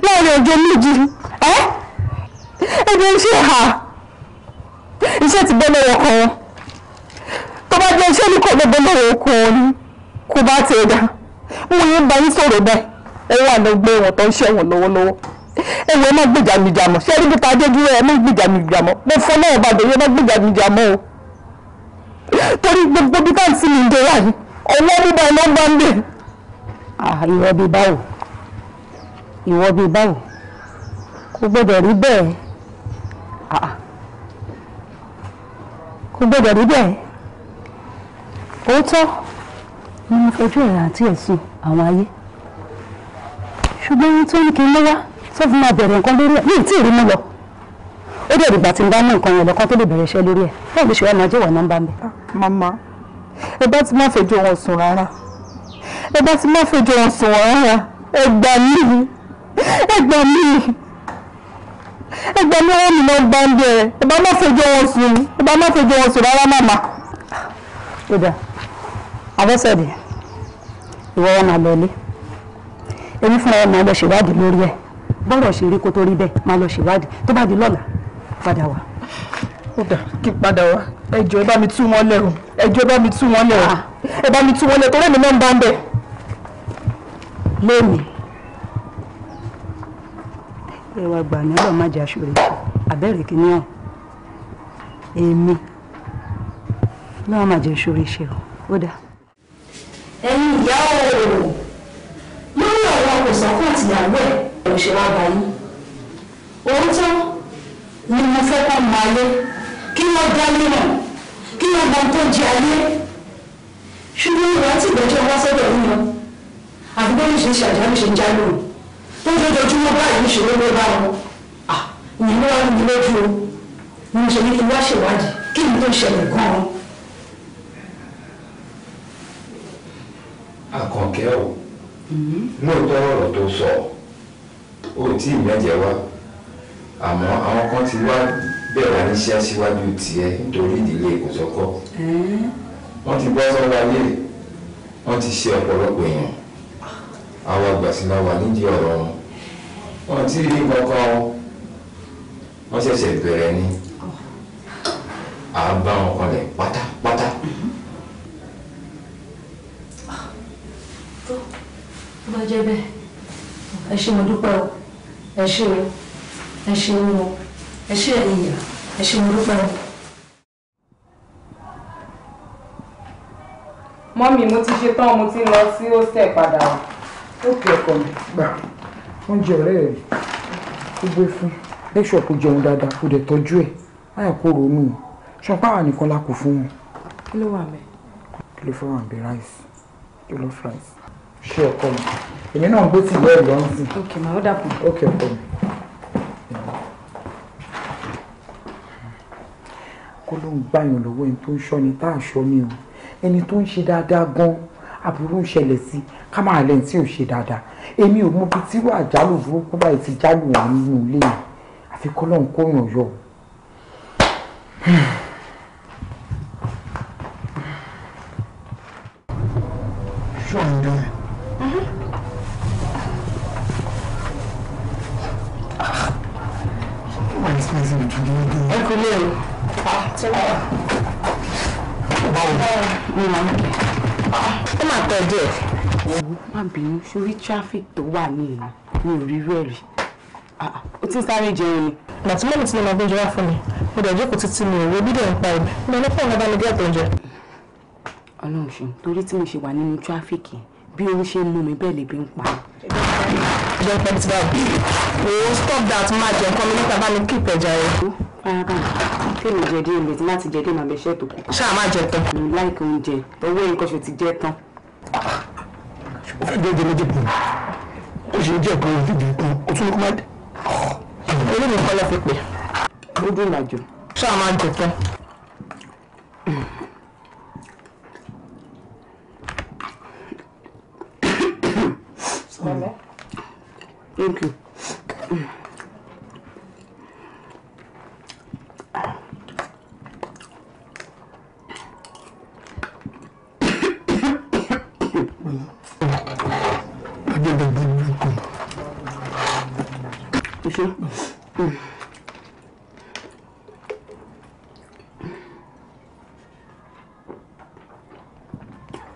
láàrin ọjọ́ méjì ẹ ẹ bí iṣẹ́ ha iṣẹ́ ti bọ́ lọ́wọ́ kan tó bá jẹ́ iṣẹ́ ní kò gbogbo lóore kò ní kò bá ti dá wọn yóò bá yín sọ̀rọ̀ bẹ́ẹ̀ ẹ wà lọ gbé wọn tó ń ṣẹ̀wọ̀n lọ́wọ́lọ́wọ́ ẹ wọ ẹ má gbèjà mi jà mọ́ ṣé ẹni bíta adé dúró ẹ má gbèjà mi jà mọ́ mo fọ́ náà bàbá ẹ má gbèjà mi jà mọ́ o torí gbogbo bí ká sí mi ń dẹ́wà yìí ọwọ́ bíbá ẹ bá ń bẹ̀. Ah, ìwọ bíi báwo ìwọ bíi báwo kò gbọdọ̀ rí bẹ́ẹ̀ ah, ah. kò gbọdọ̀ rí bẹ́ẹ̀ òótọ́ ni mo fojú ẹ̀ àti ẹ̀sùn àwọn ayé ṣùgbọ́n ohun tó ní kí n lé wá tó fi máa bẹ̀rẹ̀ nǹkan lórí ẹ̀ ní ìtì ìrímú lọ ó dẹ̀ dìgbà tí n bá mú nǹkan yẹn lọ́kàn tó lè bẹ̀rẹ̀ iṣẹ́ lórí ẹ̀ bẹ́ẹ̀ ló ṣe wá máa jẹ́ ìwà nọ́mbà mi. Ah, màmá ẹ bá ti má fẹjọ́ wọn sùn rárá ẹ bá ti má fẹjọ́ wọn sùn rárá ẹ gbà mí ẹ gbà mí ẹ gbà mí wọn ni mo gbà ń bẹ̀rẹ̀ ẹ bá má fẹjọ́ wọn sùn ẹ bá má fẹjọ́ wọn sùn rárá màmá abọ́sẹ̀dé ìwọ wọn máa lọ ilé èmi fúnra ẹ máa lọ ṣèwádìí lórí ẹ bọ́rọ̀ ṣe rí kó tó rí bẹ́ẹ̀ máa lọ ṣèwádìí tó bá di lọ́la padà wá. ó dà kí padà wá ẹjọ́ ẹ bá mi tú wọn lẹ o ẹjọ́ ẹ bá mi tú wọn lẹ o ah. ẹ bá mi tú wọn lẹ torí èmi náà ń bá ń bẹ. lónìí ẹ wá gbà ní ọlọ́ọ̀ má jẹ́ aṣọ àbẹ́rẹ́ kìíní ọ̀ èmi lọ́wọ́ má jẹ́ aṣọ ṣe ó dáa ẹ̀yin ìyá ooo lórí ọ̀rọ̀ kòsọ́kọ́ àtìyàwó ẹ̀ òṣèré àbáyé òótọ́ ni mo fẹ́ kọ́ mọ ayé kí wọ́n dá mímọ̀ kí wọ́n mọ tó jẹ ayé ṣùgbọ́n ìrántí ìgbẹ́jọ́ wá sọ́dọ̀ yín lọ àdúgbò ní ṣe ń ṣàjálù ṣe ń jálù tó lójoojúmọ́ báyìí ń ṣòro ló bá wọn ìyẹn ló wà ní lójú o mo ṣe ní kí wá ṣèwádìí kí n tó ṣẹlẹ̀ gan-an. àkànkẹ́ o mm-hmm. lóòótọ́ ọ̀rọ̀ tó sọ ò tí ì mẹ́jẹ̀ wá àmọ́ àwọn kan ti wá bẹ̀rẹ̀ níṣẹ́ síwájú tiẹ̀ nítorí ìdílé Kòsọ́kọ́ wọ́n ti bọ́ sọ́ra ayé wọ́n ti ṣe ọ̀pọ̀lọpọ̀ èèyàn àwọn àgbàsílá wà nídìí ọ̀rọ̀ wọn wọ́n ti rí kankan wọ́n ṣẹ̀ṣẹ̀ bẹ̀rẹ̀ ni oh. à ń bá wọn kanlẹ̀ pátápátá. bá jẹ́ bẹ́ẹ̀ ẹ ṣé mo dúpẹ́ o ẹ ṣé o ẹ ṣé o ẹ ṣé ẹ̀yin ìyá ẹ ṣé mo dúpẹ́ o. mọ́mí mo ti ṣe tán mo ti lọ sí hostel padà ó kí ọkọ mi gbà oúnjẹ ọ̀rẹ́ rẹ̀ ó gbé fún lẹ́ṣọ̀ kò jẹun dáadáa kò dẹ̀ tọ́jú ẹ̀ láyà kó ronú ṣọpá wà nìkan la fún wọn. kí ló wà mẹ́. kí ló fẹ́ wà ń bẹ ráìsì kí ló fẹ́ ráìsì ṣé ọkọ mi èmi náà ń gbé tìlú ẹ̀ lọ́n sí. ok ma ó dàpọ̀. ok ọkọ mi. kó ló ń gbàyàn lọ́wọ́ ẹni tó ń ṣọ́ ni tá a ṣọ́ ni o ẹni tó ń ṣe dáadáa gan-an aburú ń ṣẹlẹ̀ sí ká máa lẹ́yìn tí ò ṣe dáadáa èmi ò mọ bí tí wàá jálò burúkú báyìí ti jálò wà nínú ilé mi àfi kọ́ lọ́hùn kó yàn yọ. ṣọ́ọ̀nù ẹ kò lè o. ó máa tẹ díẹ̀. má bínú sórí traffic tó wà ní ìlú mi ò rí rẹ̀ rí o ah, ah, ti ń sáré jẹun ni. màtí mọ́mí tí mo máa gbé jọra fún mi mo dẹ̀ jókòó títí mi ò wo bídẹ̀ ń pa ibẹ̀ mo ní fún ọ̀nà bá tó ń jẹ. ọlọ́run ṣeun torí tí mo ṣe wà nínú tráfíkì bí orí ṣe ń mú mi bẹ́ẹ̀ lè bí ń pa. jẹ́ pẹ́ tí báwo. o stop that máa jẹ́ nǹkan mi nípa bá mi kí ìpẹ̀já rẹ̀ kí ni jẹ díẹ̀ mbẹ tí láti jẹ díẹ̀ máa bẹ ṣẹ́ tó kù. ṣáà má jẹ tán. mo láìka oúnjẹ owó ìkọṣọ ti jẹ tán. ṣùgbọ́n fún ìgbẹ́jẹ méjì kù ó ṣe jẹ́ ìpín ojú ìbí kù ó tún ní kó má dé. olómi kọ́ lọ́ fi pè. ó dùn ìlàjò. ṣáà má jẹ tán. Thank you. 드셔? 응.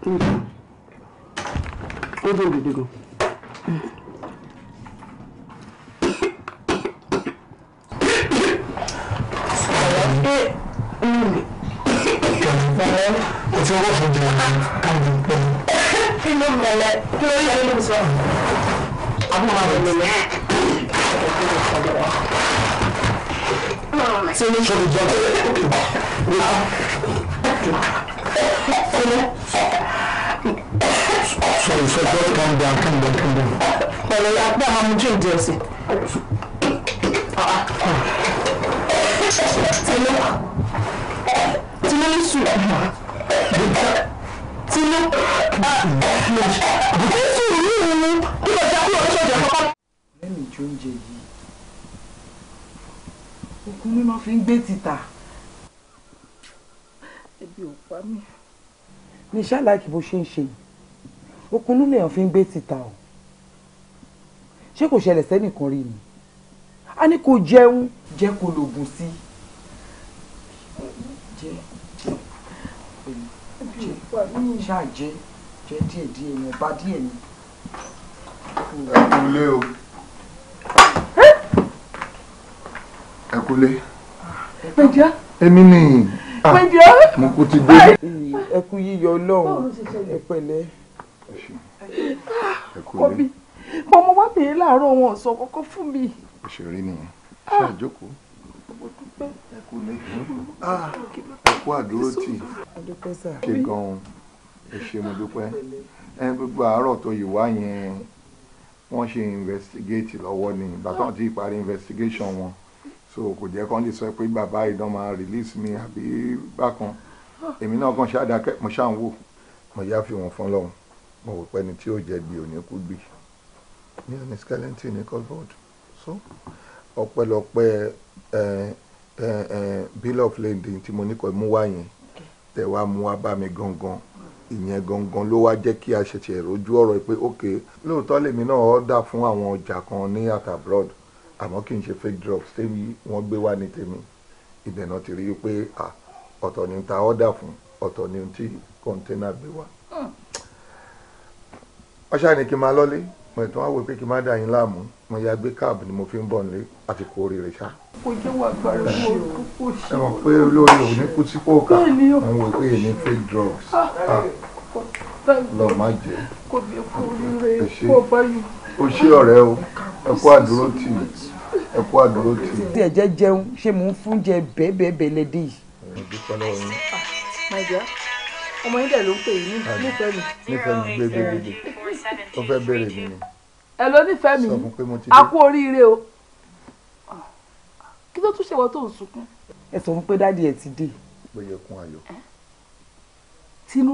응. 어디 어디 이거? kí ló mẹlẹ kí ló yẹ kí ló sọ. àbúrò máa wọlé ní. ṣé ní sọ̀rọ̀ jẹ́ Sorry, so just calm down, calm down, calm down. Pẹ̀lú apá àwọn ojú ìdí ọ̀sẹ̀. Tìlú Tìlú ní sùn tinú kí sùúrù ní ìrùnú kí lọ sí àkúrò oníṣòjì àkọ́kọ́. lẹ́mìí tí oúnjẹ yìí okun mi máa fi ń gbé títà ebi ò pa mí. ní iṣẹ́ aláìkí bó ṣe ń ṣe yìí okun inú lèèyàn fi ń gbé títà o ṣé kò ṣẹlẹ̀ sẹ́nìkan rí ni a ní kó jẹun jẹ́ kó lògùn sí i. ṣáàjẹ́ jẹ́ díẹ̀ díẹ̀ ni ọba díẹ̀ ni. ẹkúlé o ẹkúlé. pẹ̀jọ́. èmi ni ah, pẹ̀jọ́. mo kò ti dé. ẹkún yíyọ ọlọ́run ẹ pẹ̀lẹ́. ẹkúlé. mo mọ wá bèèrè láàárọ̀ wọn sọ kọ́kọ́ fún mi. òṣèré nìyẹn ah. ṣáà jókòó ẹ kú lé ẹ kú àdúró tì kí gan-an ẹ ṣe mo dúpẹ́ ẹ gbogbo àárọ̀ tó yìí wá yẹn wọ́n ṣe investigate lọ́wọ́ ni ìgbà tó ń ti parí investigation wọn so kò jẹ́ kán lè sọ pé bàbá ìdán máa release mi àbí bákan èmi náà kàn ṣáàdàkẹ́ mo ṣáà ń wò mo yá fi wọn fún lọ́hùn mo rò pẹ́ni tí ó jẹ̀bi òní kú gbì ní oní skeleton ní colbert so ọpẹ́lọpẹ́ ẹ bill of lading tí mo ní kọ́ mú wá yẹn tẹ̀ wá mú wá bá mi gangan ìyẹn gangan ló wá jẹ́ kí a ṣe tiẹ̀ rojú ọ̀rọ̀ pé ok lóòótọ́ lèmi náà ọ̀dà fún àwọn ọjà kan ní at abroad àmọ́ kì í ṣe fake drugs tèmi wọ́n gbé wá ní tèmi ibẹ̀ náà ti rí i pé ọ̀tọ̀ ni ta ọ̀dà fún ọ̀tọ̀ ni ti kọ́ńténà gbé wá. Hmm. wọ́n ṣáà ní kí n máa lọ́lé mo ẹ̀tọ́ wá wò pé kí n má dà yín láàmú mo ya gbé káàbù ni mo fi ń bọ̀ nílé àti kó oríire ṣáà kò jẹ́ ẹ mọ̀ pé olórí òní kú sí àwọn òpè ní fake drugs ah, ah. Eh, lọ má jẹ o ṣé ọ̀rẹ́ o ẹ kú àdúró tì í ẹ kú àdúró tì í. tí ẹ̀jẹ̀ jẹun ṣé mò ń fúnjẹ bẹ́ẹ̀bẹ́ẹ̀ lẹ́dí yìí. ọmọ yín dẹ̀ ló ń pè yín nífẹ̀ẹ́ mi. nífẹ̀ẹ́ mi gbé gbé gbé tó fẹ́ bẹ̀rẹ̀ mi ẹ ló nífẹ̀ẹ́ mi a kú oríire o kí ló tún ṣe wọ́n tó ń sunkún. ẹ sọ fún pé dáàdi ẹ ti dé. ó yẹ kún ayọ̀. tinú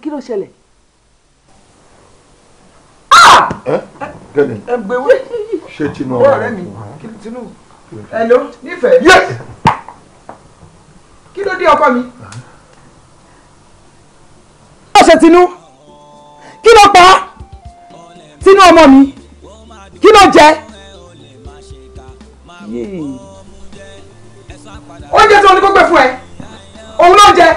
kí ló ṣẹlẹ̀. gẹ́ni ẹ gbẹ̀wé ṣé tinú ọ̀rẹ́ mi tinú ẹ ló nífẹ̀ẹ́ kí ló dé ọkọ mi ṣe tinú kí ló pa á tinú ọmọ mi kí ló jẹ oúnjẹ tí wọn ní kó gbé fún ẹ òun ló ń jẹ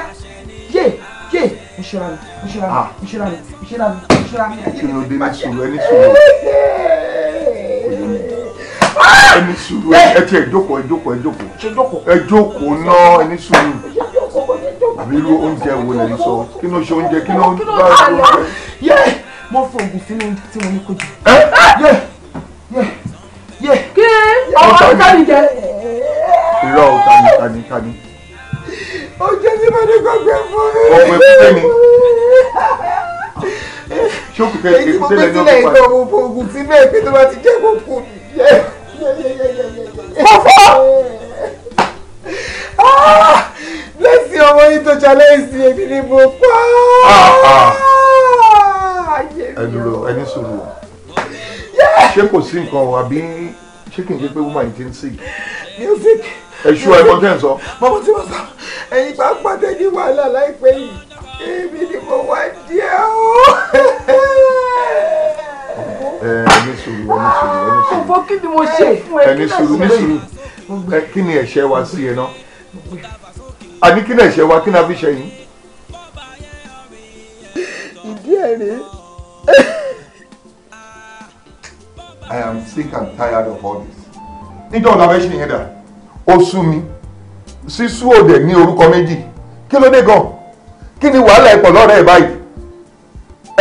yé yé mo ṣera mi mo ṣera mi ah. mo ṣera mi mo ṣera mi mo ṣera mi. kí ló dé ní sùúrù ẹni sùúrù ẹni sùúrù ẹ ti ẹ jókòó ẹ jókòó ẹ jókòó ẹ jókòó náà ẹni sùúrù àbí irú oúnjẹ wo lè ń sọ kí ló ṣe oúnjẹ kí ló ń bá oúnjẹ. mo fòògùn sínú tí mo ní kojú ọ̀tá mi irọ́ ọ̀tá mi ta ni ta ni. ó jẹ́ tí mo ní kó gbé fún mi. ọmọ ẹ̀kú tẹ́ mi. ṣé òkú tẹ́ ẹ̀kú tẹ́lẹ̀ ní ọkọ̀ pa. oògùn tí bẹ́ẹ̀ pé tó bá ti jẹ́ kó kú mi. fọ́fọ́. lẹ́sìn ọmọ yìí tó challenge sí èmi ni mo pa. Ah, ah. ẹ dúró ẹni sùúrù ṣé kò sí nǹkan àbí ṣé kì í woman ti ń sing. music. ẹ̀ṣù ẹ̀kọ́ tẹ̀ ń sọ. bàbá tí mo sọ ẹ̀yin bá pàdé ní wàhálà láìpẹ́ yìí èmi ni mo wá díẹ̀ o. ẹ ní sùúrù ẹ ní sùúrù ẹ ní sùúrù. ọ̀fọ̀ kí ni mo ṣe fún ẹ ní sùúrù ní sùúrù kí ni ẹ̀ṣẹ̀ wa sí ẹ náà àní kí ni ẹ̀ṣẹ̀ wa kí ni a fi ṣe yín. ìdí ẹ̀ rèé. I am sick and tired of all this. Níjọ́ ọ̀la fẹ́ ṣe yẹn dà, ó sú mi, sísú òdẹ̀ ní orúkọ méjì, kí ló dé gan? Kí ni wàhálà ẹ̀ lọ́rẹ́ ẹ̀ báyìí?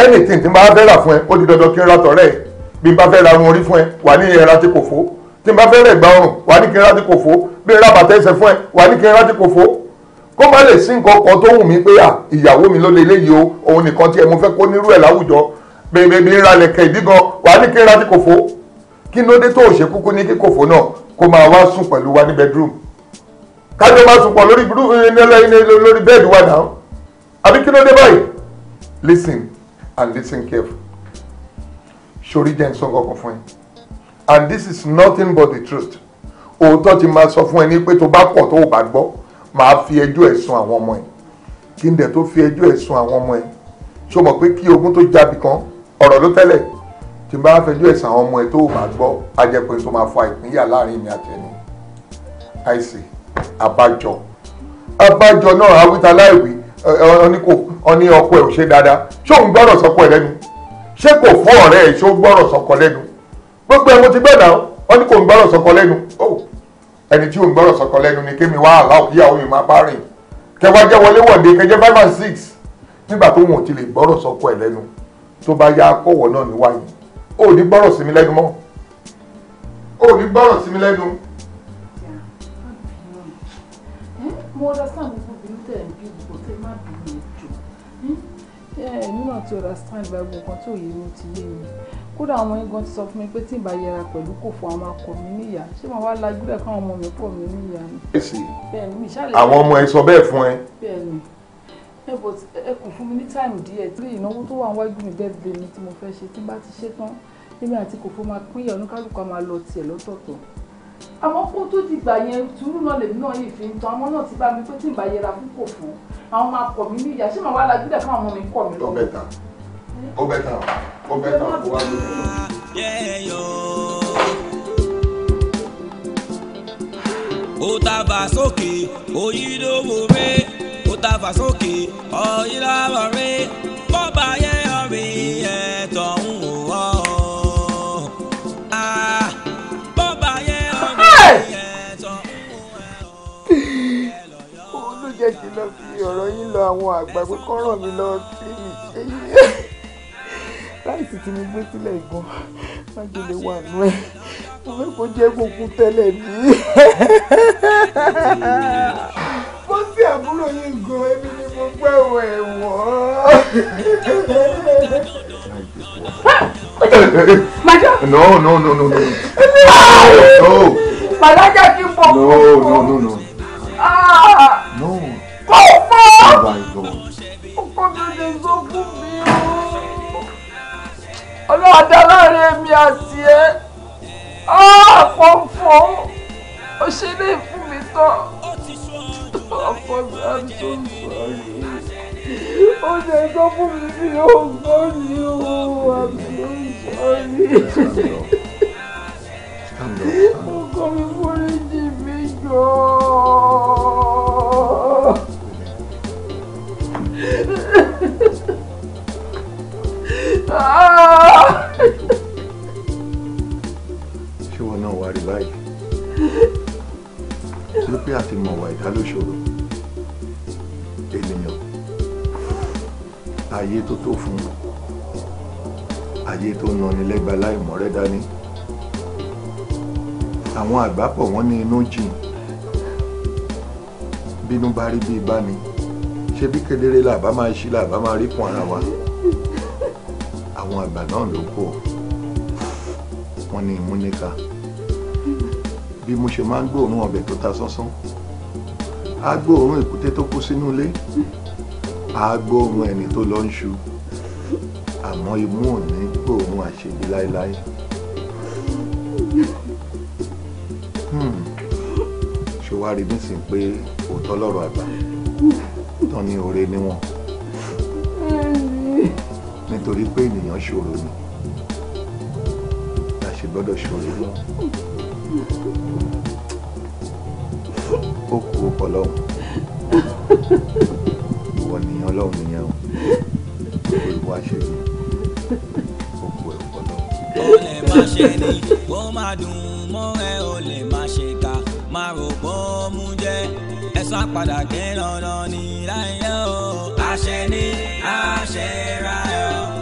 Anything tí n bá fẹ́ rà fún ẹ, ó di dandan kí n ra tọ̀rẹ́ ẹ̀. Bí n bá fẹ́ ra irun orí fún ẹ, wà ní ẹ̀rá tí kò fó. Tí n bá fẹ́ rẹ̀ gba ọrùn, wà ní kí n ra tí kò fó. Bí n ra bàtà ẹsẹ̀ fún ẹ, wà ní kí n ra tí kò fó. Kó má lè sí nǹkan kan tó wù mí pé à ìyàwó mi ló lé léyìí o, òun nìkan tí ẹ mo fẹ́ kó nírú ẹ̀ láwùjọ bèrè ní ìralẹ̀kẹ̀ ìdígan wà ní kí n ra ti kòfó kí ló dé tó ò ṣe kúkú ní kí kòfó náà kó máa wá sùn pẹ̀lú wa ní bedroom kájọ máa sùn pọ̀ lórí eh, lórí bẹ́ẹ̀dì wa náà àbí kí ló dé báyìí listen and listen careful sori jẹ́ nsọ́n kankan fún ẹ and this is nothing but the truth òótọ́ ti máa sọ fún ẹ ní pé tó bá pọ̀ tó o bá gbọ́ máa fi ẹjọ́ ẹ̀ sun àwọn ọmọ ẹ̀ kí n dẹ̀ tó fi ẹjọ́ ẹ̀ sun àwọn ọmọ ẹ̀ ṣó pé kí ogun tó jábì kan ọ̀rọ̀ ló tẹ́lẹ̀ tí n bá fẹjọ́ ẹ̀sán àwọn ọmọ ẹ tó máa gbọ́ á tó máa fa ìpínyà láàrin mi àti ẹni àìsè àbájọ àbájọ náà awíta láìwí ọ̀nìkò ọ̀nì ọkọ ẹ̀ ò ṣe dáadáa ṣé òun gbọ́dọ̀ sọ́kọ ẹ̀ lẹ́nu ṣé kò fún ọ̀rẹ́ ẹ̀ ṣó gbọ́dọ̀ gbogbo mo ti bẹ́ẹ̀ náà ọ̀nìkò ń gbọ́dọ̀ sọ́kọ lẹ́nu ẹni tí òun gbọ́dọ̀ sọkọ lẹ́nu ni kémi wá mi máa bá rìn wọlé tó bá yá kọ̀wọ̀ náà ní wáyé ó ní gbọ́rọ̀ sí mi lẹ́nu mọ́ ó ní gbọ́rọ̀ sí mi lẹ́nu. mo understand gbogbo bínú tẹ̀ ń bí gbogbo tẹ̀ má bínú ètò èmi náà ti understand bá gbogbo kan tí òye mi ti yé mi kódà àwọn igun ti sọ fún mi pé tí ìbá yẹra pẹ̀lú kò fún àwọn akọ mi níyà ṣé màá wá lajú rẹ̀ káwọn ọmọ mi pọ̀ mí níyà ni. àwọn ọmọ ẹ sọ bẹ́ẹ̀ fún ẹ. bẹ́ẹ̀ ẹ bọ̀ ẹ kò fún mi ní táìmù díẹ̀ tí ìnáwó tó wà wájú mi bẹ́ẹ̀ bẹ́ẹ̀ ni tí mo fẹ́ ṣe tí bá ti ṣe tán èmi àti kòfó máa pín ìyá oníkálukú máa lọ tiẹ̀ lọ́tọ̀ọ̀tọ̀ àmọ́ kó tó di gbà yẹn tùrú náà lèmi náà yìí fi ń tan àmọ́ náà ti bá mi pé tí ìbá yẹra fún kòfó àwọn máa kọ̀ mí ní ìyá ṣé màá wá la gbílẹ̀ káwọn ọmọ mi kọ̀ mí lọ. ọbẹ̀ ta ọbẹ̀ ta ọbẹ̀ ta kò wá lóyún ó tàbà sókè òyìnbó wo mé ta fà sókè ọ̀yìnlá ọ̀rẹ́ bọ́ba yẹ ọ̀rẹ́ ẹ̀tọ́ ń wò ọ́ bọ́ba yẹ ọ̀rẹ́ ẹ̀tọ́ ń wò ó ah, ló lọ fi ọ̀rọ̀ yín lọ àwọn àgbà pé kọ́ ràn lọ sí mi láìsí tí mo gbé sílẹ̀ gan májèlé wà nù ẹ̀ mo fẹ́ kó jẹ́ gbogbo tẹ́lẹ̀ mi. mo sì àbúrò yín gan ẹbí ni mo gbẹ́ wọ ẹ̀wọ̀n. Maja. No, no, no, no, no. No. Malaja ti fọ. No, no, no, no. Ah. No. Kò fọ́. Oh Ọkọ mi lè sọ fún mi o ọlọ́ọ̀dá láàrin èmi àti ẹ ọ̀pọ̀ ah, fún ó ṣe lè fún mi tán ọ̀pọ̀ mi á ó ṣe tó fún mi bí ọgbọ́n ní owó àbúrò sọ̀rọ̀ ọkọ mi foríjì mi jọ. Yeah ṣé wọn náà wá rí báyìí ló pé àti mọ̀wá ìdálóṣòro ènìyàn ayé tó tó fún ayé tó nani lẹ́gba láì mọ́rẹ́ dání àwọn àgbápọ̀ wọ́n ní inú jìn bínú bá rí bí bá ní ṣé bí kedere làbá máa ṣí làbá máa rí kún ara wa àwọn àgbà náà ló kù wọ́n ní múníkà bí mo ṣe máa ń gbóòórùn ọbẹ̀ tó ta sánsán á gbóòórùn èkúté tó kú sínú ilé á gbóòórùn ẹni tó lọ ń ṣu àmọ́ imú ò ní gbóòórùn àṣejì láéláé. Hmm. ṣé wàá rí nísìnyí pé òótọ́ lọ́rọ̀ àgbà tán ní oore níwọ̀n nítorí pé ènìyàn ṣòro ni la ṣe gbọ́dọ̀ ṣòro lọ ó kú ọkọ lọ́hùn ìwọ nìyàn lọ́hùn nìyẹn o olùwà ṣe ni ó kú ọkọ lọ́hùn. ó lè má ṣe ni ó máa dùn mọ́ ẹ ó lè má ṣe ká máa rò bó mú jẹ́ ẹ sá padà dé lọ́dọ̀ ní láyé o. àṣẹ ni àṣẹ ra ẹ̀ o.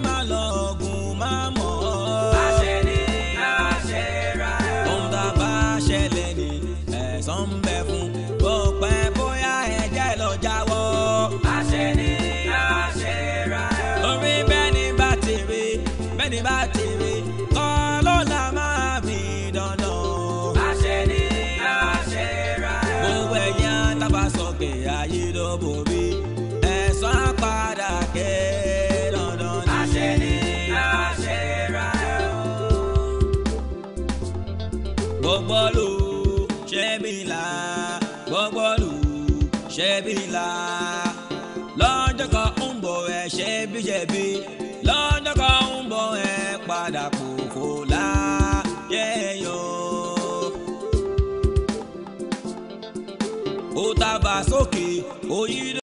my love. sókè òyìnbó.